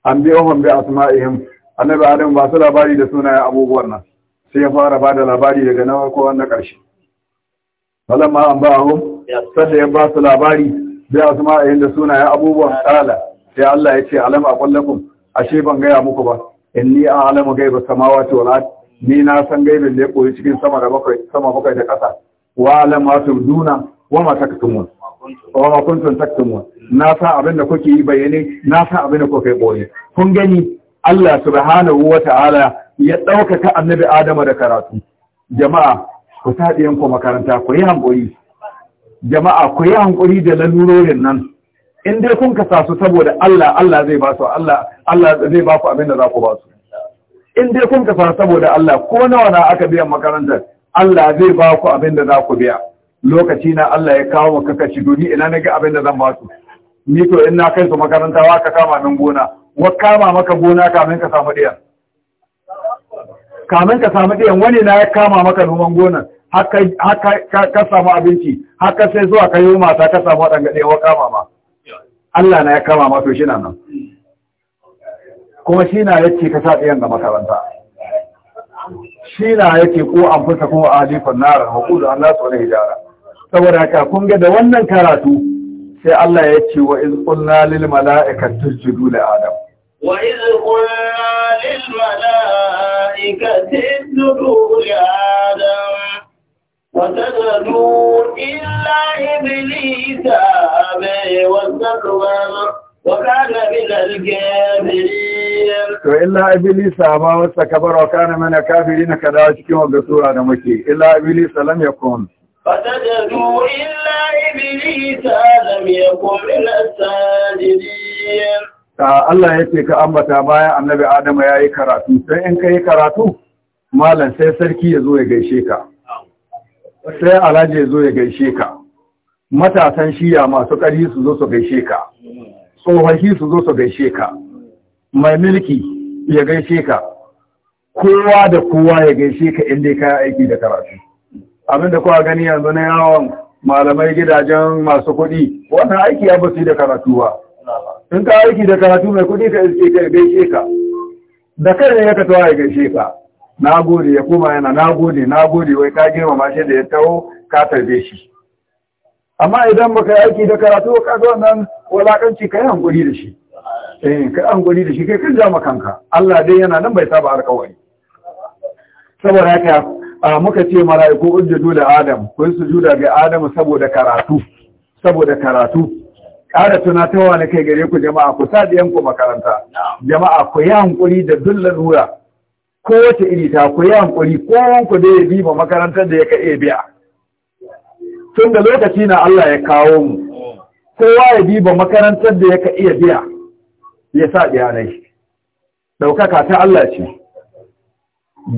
[SPEAKER 3] an bi ohun bi asma'ihim annabi adamu ba su labari da sunayen abubuwan nan sai ya fara ba da labari daga na farko na ƙarshe falamma an ba hum sanda ya ba su labari bai a suma yayin da sunayen abubuwan kala sai Allah ya ce alam kullakum ashe ban gaya muku ba inni a'lamu ghaiba samawati wal ard ni na san gaibin da ya koyi cikin sama da bakwai sama bakwai da ƙasa wa alam ma duna wa ma taktumun wa ma kuntum taktumun na san abin da kuke yi bayyane na san abin da kuke koyi kun gani Allah subhanahu wa ta'ala ya ɗaukaka annabi Adama da karatu jama'a ku taɗi ku makaranta ku yi hankuri jama'a ku yi hankuri da lalurorin nan in dai kun sa su saboda Allah Allah zai ba su Allah Allah zai ba ku abin da za ku ba su in dai kun sa saboda Allah ko nawa na aka biya makaranta? Allah zai ba ku abin da za ku biya lokaci na Allah ya kawo maka kashi duni ina na ga abin da zan ba su ni to in na kai su makaranta wa ka kama min gona wa kama maka gona kamin ka samu ɗiyan? kamin ka samu ɗiyan wani na ya kama maka noman gonan haka ka samu abinci haka sai zuwa ka yi mata ka samu waɗanda ɗaya kama ma Allah na ya kama ma to shi na nan kuma shi na ce ka sa ɗiyan ga makaranta shi na ce ko an fusa ko a halifan nara hukulu Allah su wani hijara saboda haka kun ga da wannan karatu sai Allah ya ce wa iz qulna lil mala'ikati isjudu li adam
[SPEAKER 4] wa iz qulna lil mala'ikati ملائكة اسجدوا آدم وسجدوا إلا إبليس أبي واستكبر وكان من الكافرين
[SPEAKER 3] إلا إبليس أبا واستكبر وكان من الكافرين كذلك وقصورا مكي إلا إبليس لم يكن
[SPEAKER 4] فتجدوا إلا إبليس لم يكن من الساجدين
[SPEAKER 3] Allah ya ce ka ambata bayan annabi Adama ya yi karatu, sai in ka yi karatu, malam sai sarki ya zo ya gaishe ka, sai alhaji ya zo ya gaishe ka, matasan shiya masu ƙari su zo su gaishe ka, tsohaki su zo su gaishe ka, mai milki ya gaishe ka, kowa da kowa ya gaishe ka inda ka aiki da karatu. Abin da kowa gani yanzu na yawon malamai gidajen masu kuɗi, wannan aiki ya basu da karatu ba. in ka aiki da karatu mai kuɗi ka iske ka gaishe ka da kai ne ya ka tawaye gaishe ka na gode ya koma yana na gode na gode wai ka girmama shi da ya taho ka tarbe shi amma idan baka yi aiki da karatu ka zo wannan walakanci yi hankuri da shi eh kai hankuri da shi kai kan jama kanka Allah dai yana nan bai saba alƙawari saboda haka muka ce mala'iku ujjudu da Adam kun sujuda ga Adam saboda karatu saboda karatu ƙara tunatarwa na kai gare ku jama'a ku sa ku makaranta jama'a ku yi hankuri da duk ko kowace iri ta ku yi hankuri ko ku da ya bi makarantar da ya ka iya biya tun da lokaci na Allah ya kawo mu kowa ya bi ma makarantar da ya ka iya biya ya sa biyanai ɗaukaka ta Allah ce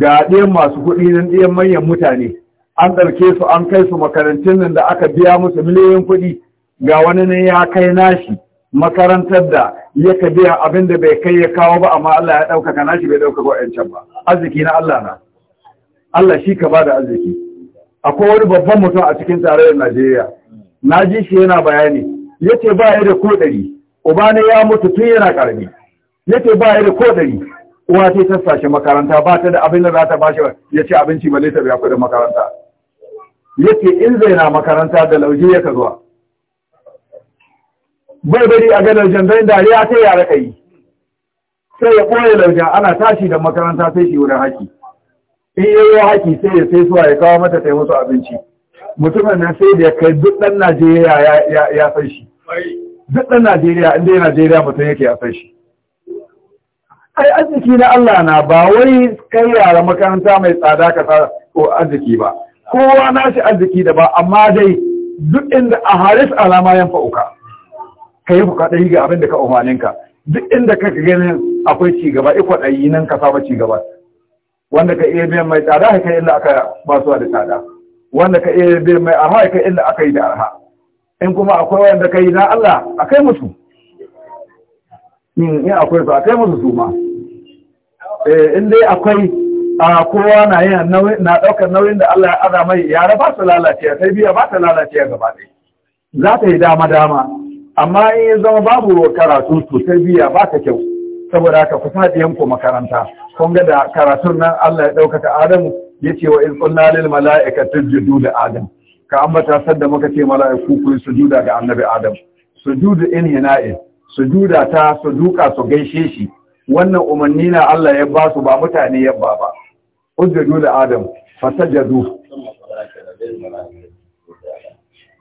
[SPEAKER 3] ga ɗayan masu kuɗi nan ɗayan manyan mutane an ɗauke su an kai su makarantun nan da aka biya musu miliyoyin kuɗi ga wani ne ya kai nashi makarantar da ya ka biya abin da bai kai ya kawo ba amma Allah ya ɗaukaka nashi bai ɗaukaka wa'ancan ba arziki na Allah na Allah shi ka bada arziki akwai wani babban mutum a cikin tarayyar Najeriya na ji shi yana bayani Ya ce ba ya da ko ɗari uba ne ya mutu tun yana ƙarami ce ba ya da ko ɗari uwa ce ta sashi makaranta ba ta da abin da za ta bashi ya ce abinci ba ta biya kuɗin makaranta Ya ce in zai na makaranta da lauje ya ka zuwa bai bari a ga laujan dariya sai yara ka yi sai ya ɓoye laujan ana tashi da makaranta sai shi wurin haki in yi yi haki sai ya sai suwa ya kawo mata ta musu abinci mutumin nan sai da ya kai duk ɗan najeriya ya san shi duk ɗan najeriya inda ya najeriya mutum yake ya san shi ai arziki na Allah na ba wai kai yara makaranta mai tsada ka sa ko arziki ba kowa na shi arziki da ba amma dai duk inda a haris alama yan fa'uka ka yi yi ga abin da ka ka duk inda ka ka ganin akwai ci gaba iko ɗayi nan ka saba ci gaba wanda ka iya biyan mai tsada haka illa aka suwa da tsada wanda ka iya biyan mai arha haka illa aka yi da arha in kuma akwai wanda ka yi na Allah a kai musu in akwai su a kai musu su ma eh, in dai akwai a kowa na yin na ɗaukar nauyin da Allah ya aza mai yara ba su lalacewa sai biya ba ta lalacewa gaba ɗaya za ta yi dama dama amma in ya zama babu karatu to tarbiyya ba ta kyau saboda haka ku sa ku makaranta kun ga da karatun nan Allah ya ɗaukaka Adamu ya ce wa in tsunna lil mala'ika, isjudu da Adam ka ambata sadda muka ce mala'iku ku sujuda ga annabi Adam sujudu in hina'in sujuda ta su duka su gaishe shi wannan umarni na Allah ya ba su ba mutane ya ba ba ujudu li Adam fasajadu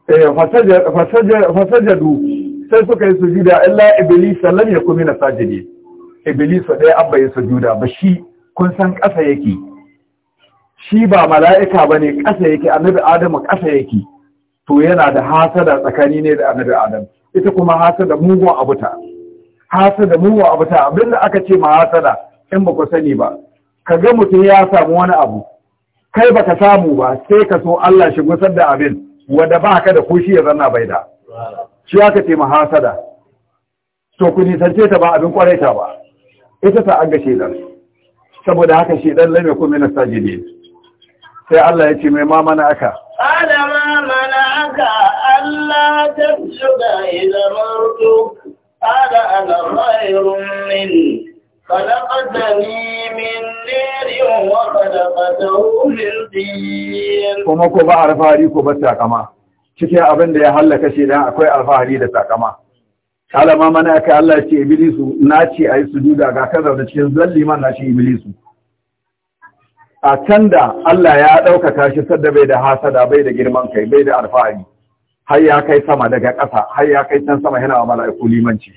[SPEAKER 3] eh, fasajadu sai suka yi sujuda illa iblis lam yakun min sajidi iblis ɗaya abba yin sujuda ba shi kun san kasa yake shi ba mala'ika bane ƙasa yake annabi adamu kasa yake to yana da hasada tsakani ne da annabi adam ita kuma hasada mugun abuta hasada mugun abuta abinda aka ce ma hasada in ba ku sani ba ka ga mutum ya samu wani abu kai baka samu ba sai ka so Allah shi gusar da abin wanda baka ka da koshi ya zanna bai da shi aka ce mahasada to ku nisance ta ba abin kwaraita ba ita ta an ga shedan saboda haka shedan lame ku sa sajidi sai Allah ya ce mai ma mana aka
[SPEAKER 4] ala ma mana aka Allah ta shuga ila mardu ala ana khairun min خلقتني من نير وخلقته من طين kuma ku ba
[SPEAKER 3] arfari ku ba kama. cikin abin da ya hallaka shi dan akwai alfahari da takama kala ma mana kai Allah ce Ibilisu na ce ayi sujuda ga kaza da cikin zalli man na ce iblisu a can da Allah ya ɗaukaka shi sadda bai da hasada bai da girman kai bai da alfahari har ya kai sama daga ƙasa har ya kai can sama yana wa mala'iku limanci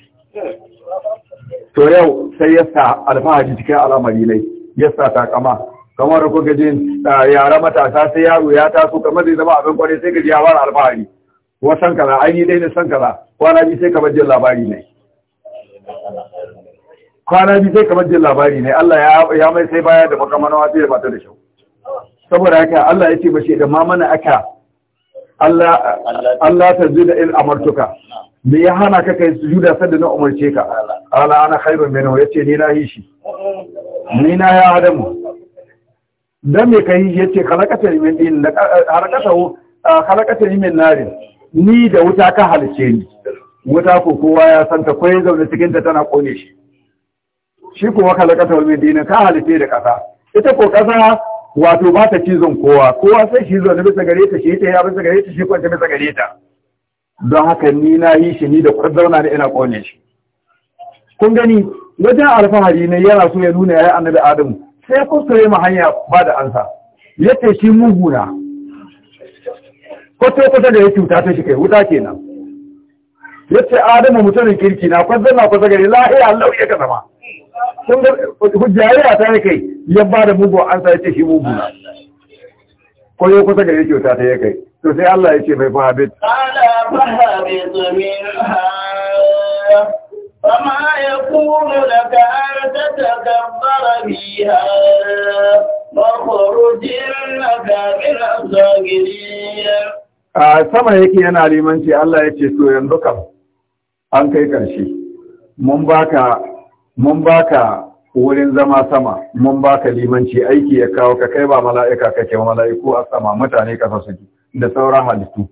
[SPEAKER 3] to yau sai ya sa alfahari cikin al'amari ne ya sa takama kamar kuka ji yara matasa sai yaro ya taso kamar zai zama abin kwarai sai ka ji ya fara alfahari kuma san kaza an yi daina san kaza kwana biyu sai kamar jin labari ne kwana biyu sai kamar jin labari ne Allah ya mai sai baya da makamanawa sai ya bata da shau saboda haka Allah ya ce ba shi da ma mana aka Allah Allah ta zuda in amartuka me ya hana ka kai sujuda sanda na umarce ka ala ana khairun minhu yace ni na yi shi ni na ya adamu dan me kai yace khalaqata min din eh, harakatahu eh, khalaqata min narin ni da wuta ka halce ni wuta ko kowa ya san ta koyi zaune cikin ta tana kone shi shi kuma khalaqata min din ka halce da kasa ita ko kasa wato ba ta cizon kowa kowa sai shi zaune bisa gare ta shi ta ya bisa gare ta shi kwanta bisa gare ta don haka ni na yi shi ni da zauna da ina kone shi kun gani wajen alfahari ne yana so ya nuna ya yi annabi adamu sai kuskure ma hanya ba da ansa yace shi muguna kwato kwata da yake cuta ta shi kai wuta kenan yace adamu mutumin kirki na zama na kwasa la ilaha illallah ya ka zama kun ga hujjariya ta kai ya ba da mugu ansa yace shi muguna ko ya kusa gari cuta ta ya kai to sai Allah ya ce mai fahabit
[SPEAKER 4] ala fahabit min ha فما يكون لك أن تتكبر فيها من
[SPEAKER 3] a sama yake yana limanci Allah ya ce so yanzu kam an kai ƙarshe mun baka mun wurin zama sama mun baka limanci aiki ya kawo ka kai ba mala'ika kake mala'iku a sama mutane ƙasa suke da sauran halittu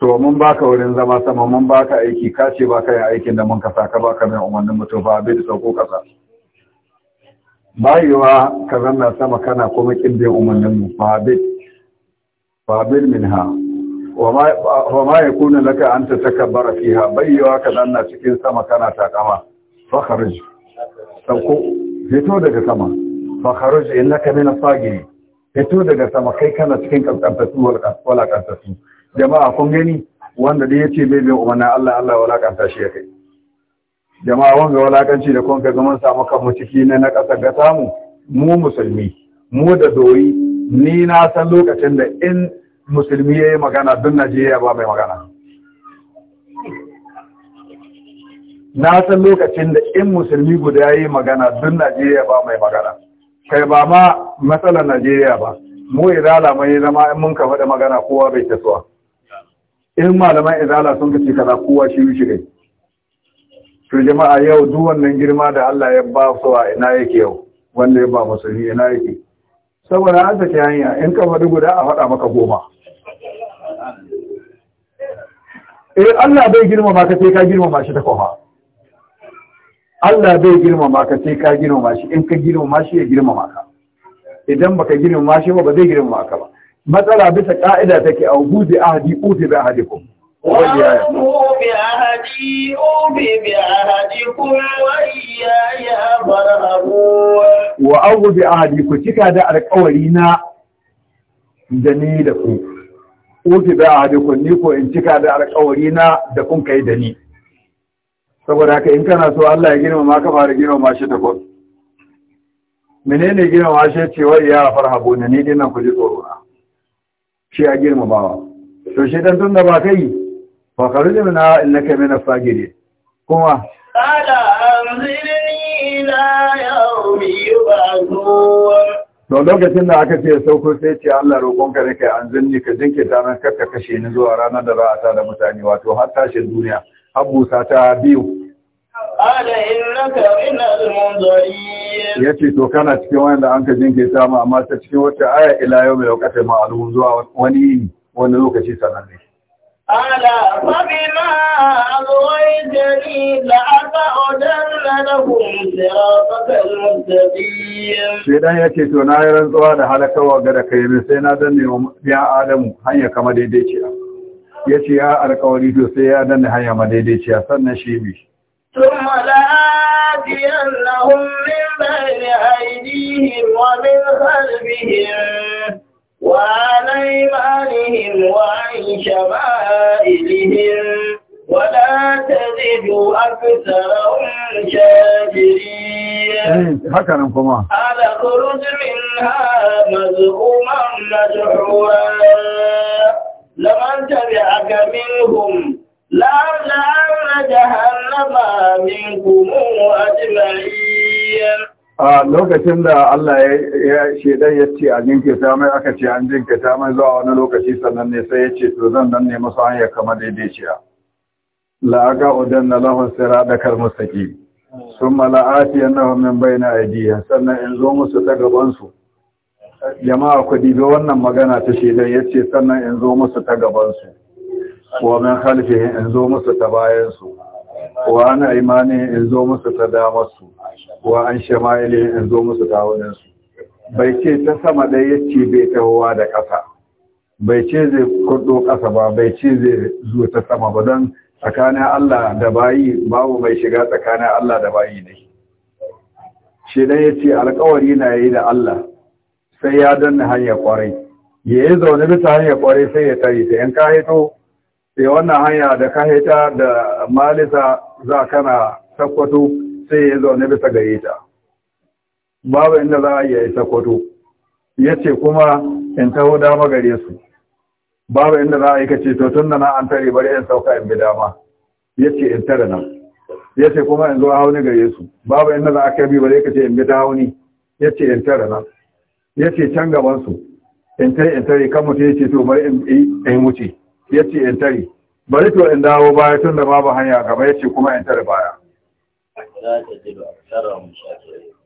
[SPEAKER 3] to mun baka wurin zama sama mun baka aiki ka ce baka yin aikin da mun kasa ka baka mai umarnin mutum fa bai da sauko kasa bayewa ka zanna sama kana kuma kin bai umarnin mu fa bai fa bai ha wa ma kuna laka an tatakabbara fiha bayewa ka zanna cikin sama kana takama fa kharij sauko fito daga sama fa kharij innaka min as-sagiri fito daga sama kai kana cikin kaskantattu wal kaskantattu jama'a kun gani wanda da yace bai bai umarna Allah Allah kan shi ya kai jama'a wanga walakanci da kun ga mun samu kanmu ciki na na kasar ga samu mu musulmi mu da doyi ni na san lokacin da in musulmi yayi magana don Najeriya ba mai magana na san lokacin da in musulmi guda yayi magana don Najeriya ba mai magana kai ba ma matsalar Najeriya ba mu irala mai zama in mun ka faɗa magana kowa bai tasowa in malaman izala sun ce kaza kowa shi shi ne. to jama'a yau duk wannan girma da Allah ya ba su a ina yake yau wanda ya ba musulmi ina yake saboda an ta hanya in ka faɗi guda a faɗa maka goma eh Allah bai girmama ka sai ka girmama shi ta kofa Allah bai girmama ka sai ka girmama shi in ka girmama shi ya girmama ka idan baka girmama shi ba ba zai girmama ka ba matsala bisa ka'ida take a huzi ahadi ufi bi ahadikum wani ya wa abu bi ahadi ku cika da alkawari na da ni da ku ufi bi ku ni ko in cika da alkawari na da kun kai da ni saboda haka in kana so Allah ya girmama ka fara girmama shi takwas menene girmama shi cewa ya farhabo ne ni dinan ku ji tsoro na shi a girmamawa to shi dan da ba kai fa na, min ina kai mana fagire. kuma
[SPEAKER 4] qala anzirni ila ba
[SPEAKER 2] zuwa.
[SPEAKER 3] Don lokacin da aka ce sauko sai ce Allah ka ne an anzirni ka ta nan kakka kashe ni zuwa ranar da za a sa da mutane wato har tashin duniya har busa ta biyu
[SPEAKER 4] ya ce to kana
[SPEAKER 3] cikin wanda an ka jinkirta ma amma ta cikin wata aya ila yau mai lokata ma'alumun zuwa wani wani lokaci sananne
[SPEAKER 4] ala fabima azwaytani la aqa'udanna lahum siratal mustaqim
[SPEAKER 3] shedan yake to na yi rantsuwa da halakawa ga da kai sai na danne wa ya adamu hanya kama daidaiciya yace ya alƙawari to sai ya danne hanya ma daidaiciya sannan shi bi
[SPEAKER 4] ثم لآتينهم من بين أيديهم ومن خلفهم وعن أيمانهم وعن شمائلهم ولا تجد أكثرهم شاكرين
[SPEAKER 3] إيه، هكذا
[SPEAKER 4] قال خرج منها مزعوما مدحورا لمن تبعك منهم لا
[SPEAKER 3] a lokacin da Allah ya shaidan ya ce a ta mai aka ce an ta mai zuwa wani lokaci sannan ne sai ya ce to zan nan ne masu hanyar kama daidaiciya la'aga udan na lahun sira da kar musaki sun mala'ati yan nahu min bayna aidiya sannan in zo musu ta gabansu jama'a ku dibe wannan magana ta shaidan ya ce sannan in zo musu ta gabansu ko min khalfihi in zo musu ta bayansu wa ana imani in zo musu ta su? wa an shama'ili in zo musu ta su bai ce ta sama dai ya ce bai hawa da ƙasa bai ce zai kudo ƙasa ba bai ce zai zo ta sama ba don tsakanin Allah da bayi babu mai shiga tsakanin Allah da bayi ne shi dan ya ce alkawari na yi da Allah sai ya danna hanyar kwarai ya yi zaune bisa hanyar kwarai sai ya tare ta yan ka haito sai eh, wannan hanya da ka haita da malisa za kana sakwato sai ya zaune bisa gare ta babu inda za a yi sakwato ya ce kuma in taho dama gare su babu inda za a yi kace to tun da na an tare bari in sauka in bi dama ya ce in tare nan ya ce kuma in zo hauni gare su babu inda za a kai bi bari kace in bi ta hauni ya ce in tare nan ya ce can gaban su in tare in tare kan mutum ya ce to bari in yi wuce ya ce in tare bari to in dawo baya tun da babu hanya gaba ya ce kuma in tare baya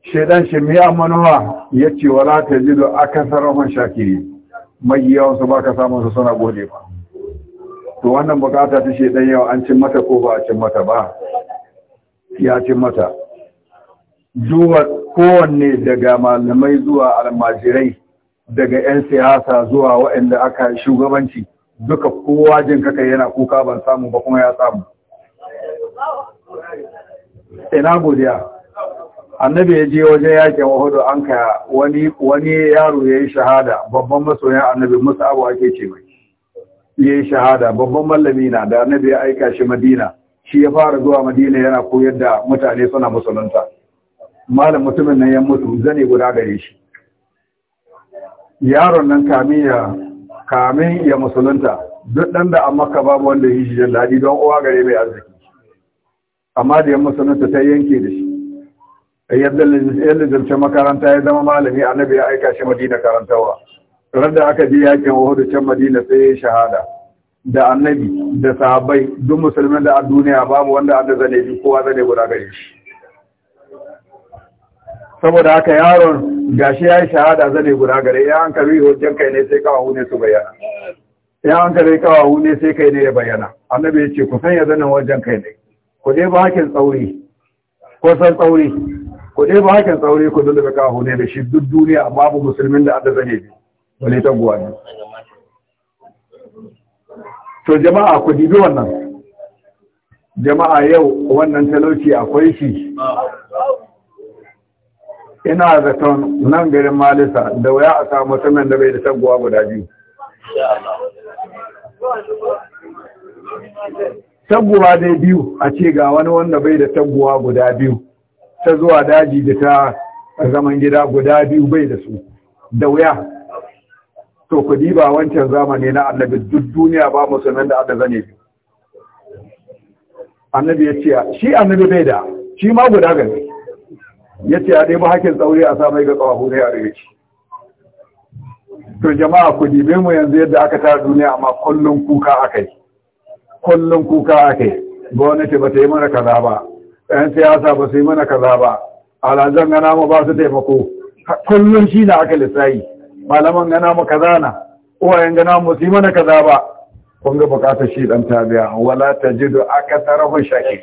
[SPEAKER 3] shaidan shi mai amanuwa ya ce wala ta ji da aka Rahon shakiri mai yawan su baka samun su suna gode ba to wannan bukata ta shaidan yau an cin mata ko ba a cin mata ba ya cin mata zuwa kowanne daga malamai zuwa almajirai daga 'yan siyasa zuwa waɗanda aka shugabanci duka kowa jin kaka yana kuka ban samu ba kuma ya samu ina godiya annabi ya je wajen yakin wahudu an ka wani wani yaro yayi shahada babban masoyan annabi musa abu ake ce mai yayi shahada babban mallami na da annabi ya aika shi madina shi ya fara zuwa madina yana koyar da mutane suna musulunta malam mutumin nan ya mutu zane guda gare shi yaron nan kamiya kamin ya musulunta duk ɗan da a maka babu wanda yi shi jin daɗi don uwa gare mai arziki amma da ya musulunta ta yanke da shi yadda lizarce makaranta ya zama malami annabi ya aika shi madina ran da aka je yakin wahudu can madina sai ya shahada da annabi da sahabbai duk musulmin da a duniya babu wanda an da zane kowa zane guda gare shi saboda haka yaron gashi ya yi shahada zane guda gare ya an karbi hujjan kai ne sai kawahu ne su bayyana ya an karbi kawahu ne sai kai ne ya bayyana annabi ya ce ku sanya zanen wajen kai ne ku dai ba hakin tsauri ko san tsauri ku dai ba hakin tsauri ku dole ba kawahu ne da shi duk duniya babu musulmin da Allah zane bi wani ta guwa ne to jama'a ku dibi wannan jama'a yau wannan talauci akwai shi ina zaton nan garin malisa da waya a samu mutumin da bai da taguwa guda biyu taguwa dai biyu a ce ga wani wanda bai da taguwa guda biyu ta zuwa daji da ta zaman gida guda biyu bai da su da waya to ku diba wancan zamani na annabi duk duniya ba musulman da aka zane biyu annabi ya ce shi annabi bai da shi ma guda gani. ya ce a ɗaya hakin tsauri a samai ga tsawahu ne a rage to jama'a ku dibe mu yanzu yadda aka tara duniya amma kullum kuka aka yi kullum kuka aka yi gwamnati ba ta yi mana kaza ba yan siyasa ba su yi mana kaza ba alhazan gana mu ba su taimako kullum shi na aka lissayi malaman gana mu kaza na uwayen gana mu su yi mana kaza ba kun ga bukatar shi ɗan tabiya wala ta jidu aka tarahu shaki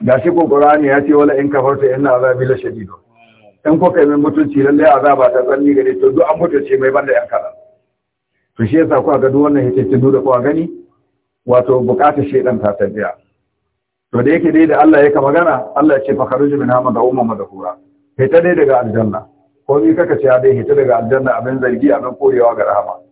[SPEAKER 3] da shi ko ya ce wala in kafarta inna azabi la shadid in ko kai min mutunci lalle azaba ta tsanni gare to duk an mutunce mai banda yan kaza to shi yasa ku ga duk wannan hitaccin da ku gani wato bukatar shedan ta tafiya to da yake dai da Allah yake magana Allah ya ce fa kharuj min hama da umma madhura hita dai daga aljanna ko ni kaka ce dai hita daga aljanna abin zargi abin korewa ga rahama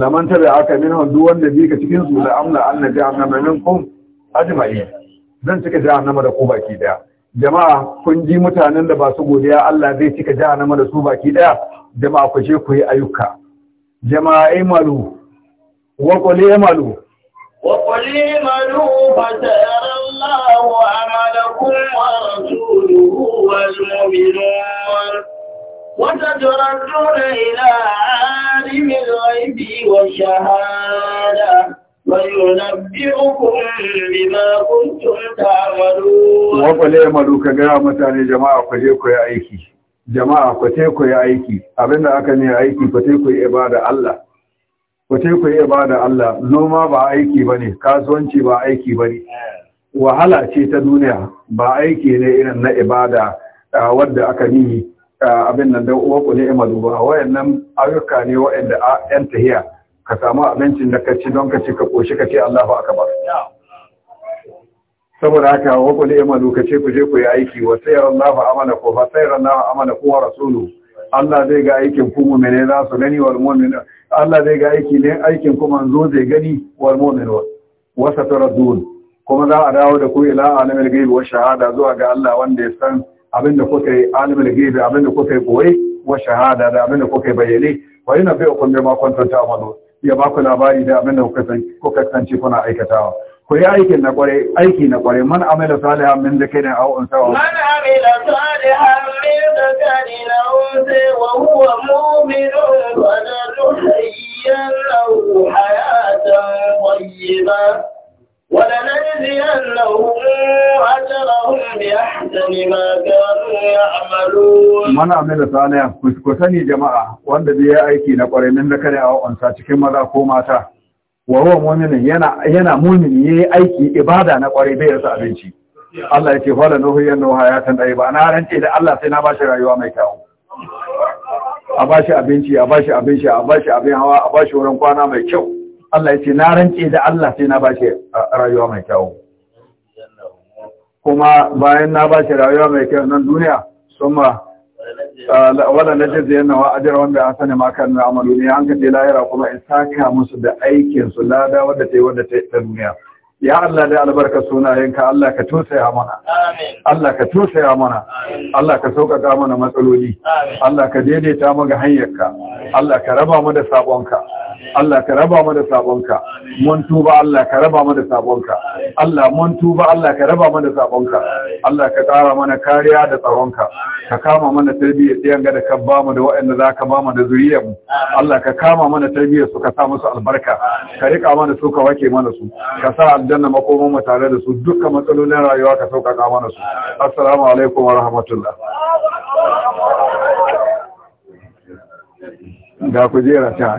[SPEAKER 3] laman tabi'aka minhum duk wanda bi ka cikin su da amla annabi annama kun ajma'in zan cika jahannama da ku baki daya jama'a kun ji mutanen da ba su godiya Allah zai cika jahannama da su baki daya jama'a ku je ku yi ayyuka jama'a ai malu wa qali malu wa qali malu
[SPEAKER 4] fa ta'ara amalakum wa rasuluhu wal mu'minun wa tadrujuna ila alimil ghaibi wa shahada Wakwale
[SPEAKER 3] ya maru ka gaya mutane jama'a ku ku yi aiki, jama'a ku te ku yi aiki, abinda aka ne aiki ku ku yi ibada Allah. Ku ku yi ibada Allah, noma ba aiki ba ne, kasuwanci ba aiki ba ne. Wahala ce ta duniya ba aiki ne irin na ibada wadda aka nihi abin nan da wakwale ya maru ba, wayannan ayyuka ne wayanda 'yan tahiya. ka samu abincin da ka ci don ka ci ka ƙoshi ka ce Allah aka ba. saboda haka wa qul imalu ka ce ku je ku yi aiki wa sayyara ba amana ku fa sayyara ba amana ko wa rasuluhu Allah zai ga aikin ku mu'mine za su gani wal mu'mina Allah zai ga aiki ne aikin ku manzo zai gani wal mu'minu wa sataradun kuma za a dawo da ku ila alamil gaibi wa shahada zuwa ga Allah wanda ya san abin da kuka yi alamil gaibi abin da kuka yi koyi wa shahada da abin da kuka yi bayyane wa yana bai ku ne ma kwantar ta amalu ya ba ku labari da abin da kuka kasance kuna aikatawa ku yi aikin na kware aiki na kware man amila salihan min dhakarin aw unsa wa man
[SPEAKER 4] amila salihan min dhakarin aw unsa wa huwa mu'minun fa nuhyiyannahu hayatan tayyibah Mana أجرهم بأحسن ما
[SPEAKER 3] sani jama'a. Wanda عمل صالحا yi aiki na دي أيكي نقرأ من cikin maza ko mata wa huwa mu'minin yana munin mu'mini yayi aiki ibada na ƙwarai bai su abinci Allah yake Hola nuhu ya nuhu tan dai ba na rance da Allah sai na bashi rayuwa mai kyau a bashi abinci a bashi shi a bashi abin hawa a bashi wurin kwana mai kyau Allah ya ce na rance da Allah sai na bashi rayuwa mai kyau kuma bayan na bashi rayuwa mai kyau nan duniya ma wala na jirgin yana wa ajiyar wanda an sani makar na amalu ne an kaɗe lahira kuma in saka musu da aikinsu lada wadda ta yi wadda ta yi ta duniya ya Allah da albarka sunayenka Allah ka ya mana Allah ka ya mana Allah ka sauƙaƙa mana matsaloli Allah ka daidaita mu ga hanyarka Allah ka raba mu da sabonka Allah ka raba mu da sabonka mun tuba Allah ka raba mu da sabonka Allah mun tuba Allah ka raba mu da sabonka Allah ka ƙara mana kariya da tsaronka ka kama mana tarbiyyar ɗiyan ga da ka ba mu da waɗanda za ka ba mu da zuriyar Allah ka kama mana tarbiyyar su ka sa musu albarka ka rika mana su ka wake mana su ka sa aljanna makoman mu tare da su dukkan matsalolin rayuwa ka sauƙaƙa mana su assalamu alaikum wa rahmatullah ga kujera ta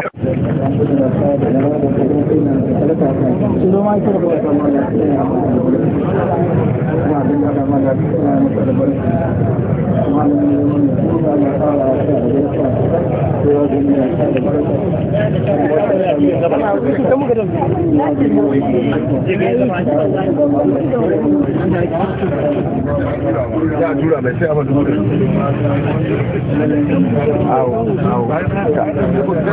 [SPEAKER 3] ya tura mai sai abin da